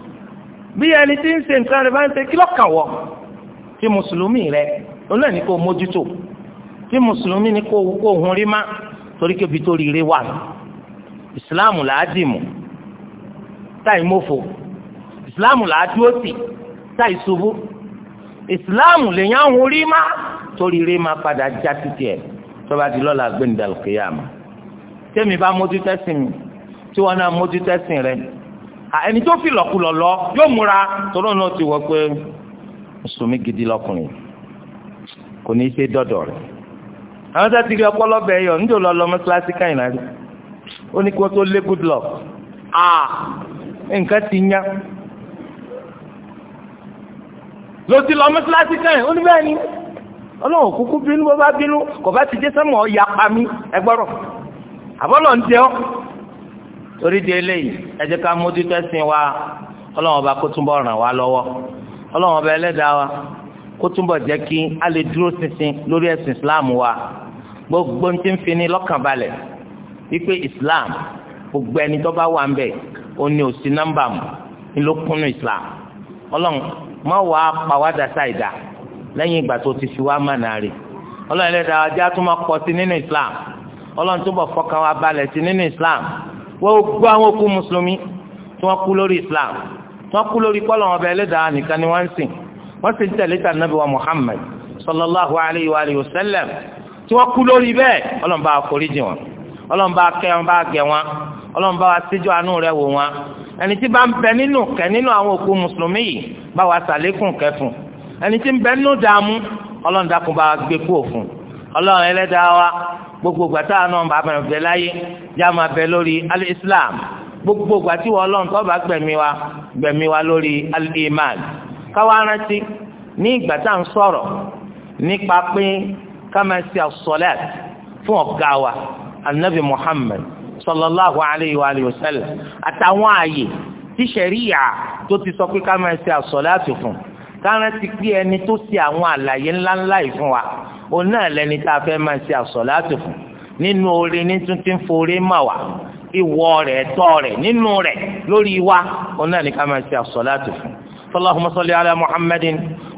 S1: bí ẹni tí ń ṣe nǹkan rẹ̀ bá ń ṣe kí lọ́kàn wọ̀ tí mùsùlùmí rẹ̀ olú ẹ̀ ní kó mójútó tí mùsùlùmí ní kó kó hun rí má torí kébi tó rire wà ní ìsìláàmù là á dì mú táì mófo ìsìláàmù là á dúró tì táì ṣubú ìsìláàmù lèyàn hun rí má torí rire má padà já títì ẹ̀ tó bá di lọ́la gbẹ̀ndàlùkìyàmù tẹ́mi bá mójútẹ́sìn mi tí wọ́n náà mójútẹ́sìn rẹ̀ ni ẹni tó fi lọ́kùlọ̀ lọ yóò múra tóró náà ti wọ pé mùsùlùmí gidi lọkùnrin kò ní í ṣe dọ́dọ̀ rẹ̀ àwọn tó ti rí ọpọlọ bẹ́ẹ̀ yọ níjò lọ lọ mọ́sálásí káyìn náà rí ó ní kí wọ́n tó lé good luck nǹkan ti yá ló ti lọ mọ́sálásí káyìn ó ní bẹ́ẹ̀ ni ọlọ́run kúkú bínú bó bá bínú kò bá ti dé sẹ́mọ̀ ọ́ ya pa mí ẹgbọ́rọ̀ àbọ̀lọ̀ ń jẹ́ torí di eléyìí ẹ ká mójútó ẹ̀sìn wa ọlọ́run ọba kó túnbọ̀ ràn wá lọ́wọ́ ẹlẹ́dàá wa kó túnbọ̀ jẹ́ kí a lè dúró lórí ẹ̀sìn islam wa gbogbo ń ti ń fi islam gbogbo ẹni tó bá wà ń bẹ̀ ó ní òsì nọ́mbà mu ńlọkùnrin islam ọlọ́run má wà á lẹ́yìn ìgbà ti fi islam túnbọ̀ fọkàn wa balẹ̀ sí islam. wọ́n gbọ́ àwọn òkú mùsùlùmí tí wọ́n kú lórí islam tí wọ́n kú lórí kọ́lọ̀ ọ̀bẹ ẹlẹ́dàá nìkan ni wọ́n ń sìn wọ́n sì ń tẹ̀lé tà nàbí wa muhammad sallallahu alayhi wa alayhi wa sallam tí wọ́n kú lórí bẹ́ẹ̀ ọlọ́run bá foríjì wọn ọlọ́run bá kẹ́ wọn bá gẹ̀ wọn ọlọ́run bá wa síjú àánú rẹ̀ wò wọn ẹni tí bá ń bẹ nínú kẹ nínú àwọn òkú mùsùlùmí yìí bá wa sàlékún kẹfùn ẹni tí ń bẹ nínú dààmú ọlọ́run dákun bá gbé kú òfun ọlọ́run ẹlẹ́dàá wa gbogbo gbàtà náà bá bẹ̀rẹ̀ fẹ́ láyé já máa bẹ lórí al-islam gbogbo gbàtí wọ́n lọ́n tó bá gbẹ̀mí wa gbẹ̀mí wa lórí al-iman káwa rántí ní ìgbà tá à ń sọ̀rọ̀ nípa pé ká máa salat fún ọ̀gá wa anabi muhammed sallallahu alayhi wa alihi wa sallam àtàwọn ààyè tí sẹ̀ríyà tó ti sọ pé ká máa ṣe fún ká rántí pé ẹni tó ṣe àwọn àlàyé ńláńlá yìí fún wa òun náà lẹni tá a fẹ́ máa ṣe àsọ̀láàtù fún nínú oore ní tuntun forí mà wá ìwọ rẹ̀ tọ́ rẹ̀ nínú rẹ̀ lórí wa òun náà ká máa ṣe àsọ̀láàtù fún. fọláhùn mọ́sálí alá muhammadin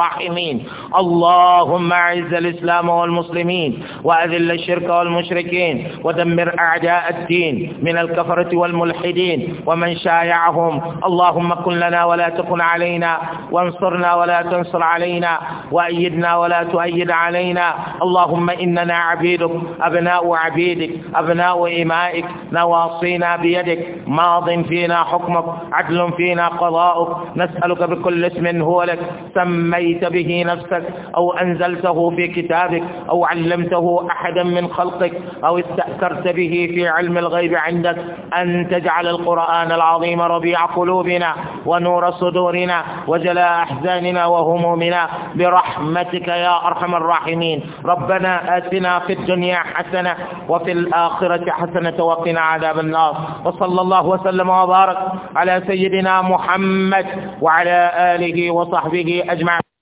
S1: الراحمين اللهم أعز الإسلام والمسلمين وأذل الشرك والمشركين ودمر أعداء الدين من الكفرة والملحدين ومن شايعهم اللهم كن لنا ولا تكن علينا وانصرنا ولا تنصر علينا وأيدنا ولا تؤيد علينا اللهم إننا عبيدك أبناء عبيدك أبناء إمائك نواصينا بيدك ماض فينا حكمك عدل فينا قضاؤك نسألك بكل اسم هو لك سمي اشتريت به نفسك أو أنزلته في كتابك أو علمته أحدا من خلقك أو استأثرت به في علم الغيب عندك أن تجعل القرآن العظيم ربيع قلوبنا ونور صدورنا وجلاء أحزاننا وهمومنا برحمتك يا أرحم الراحمين ربنا آتنا في الدنيا حسنة وفي الآخرة حسنة وقنا عذاب النار وصلى الله وسلم وبارك على سيدنا محمد وعلى آله وصحبه أجمعين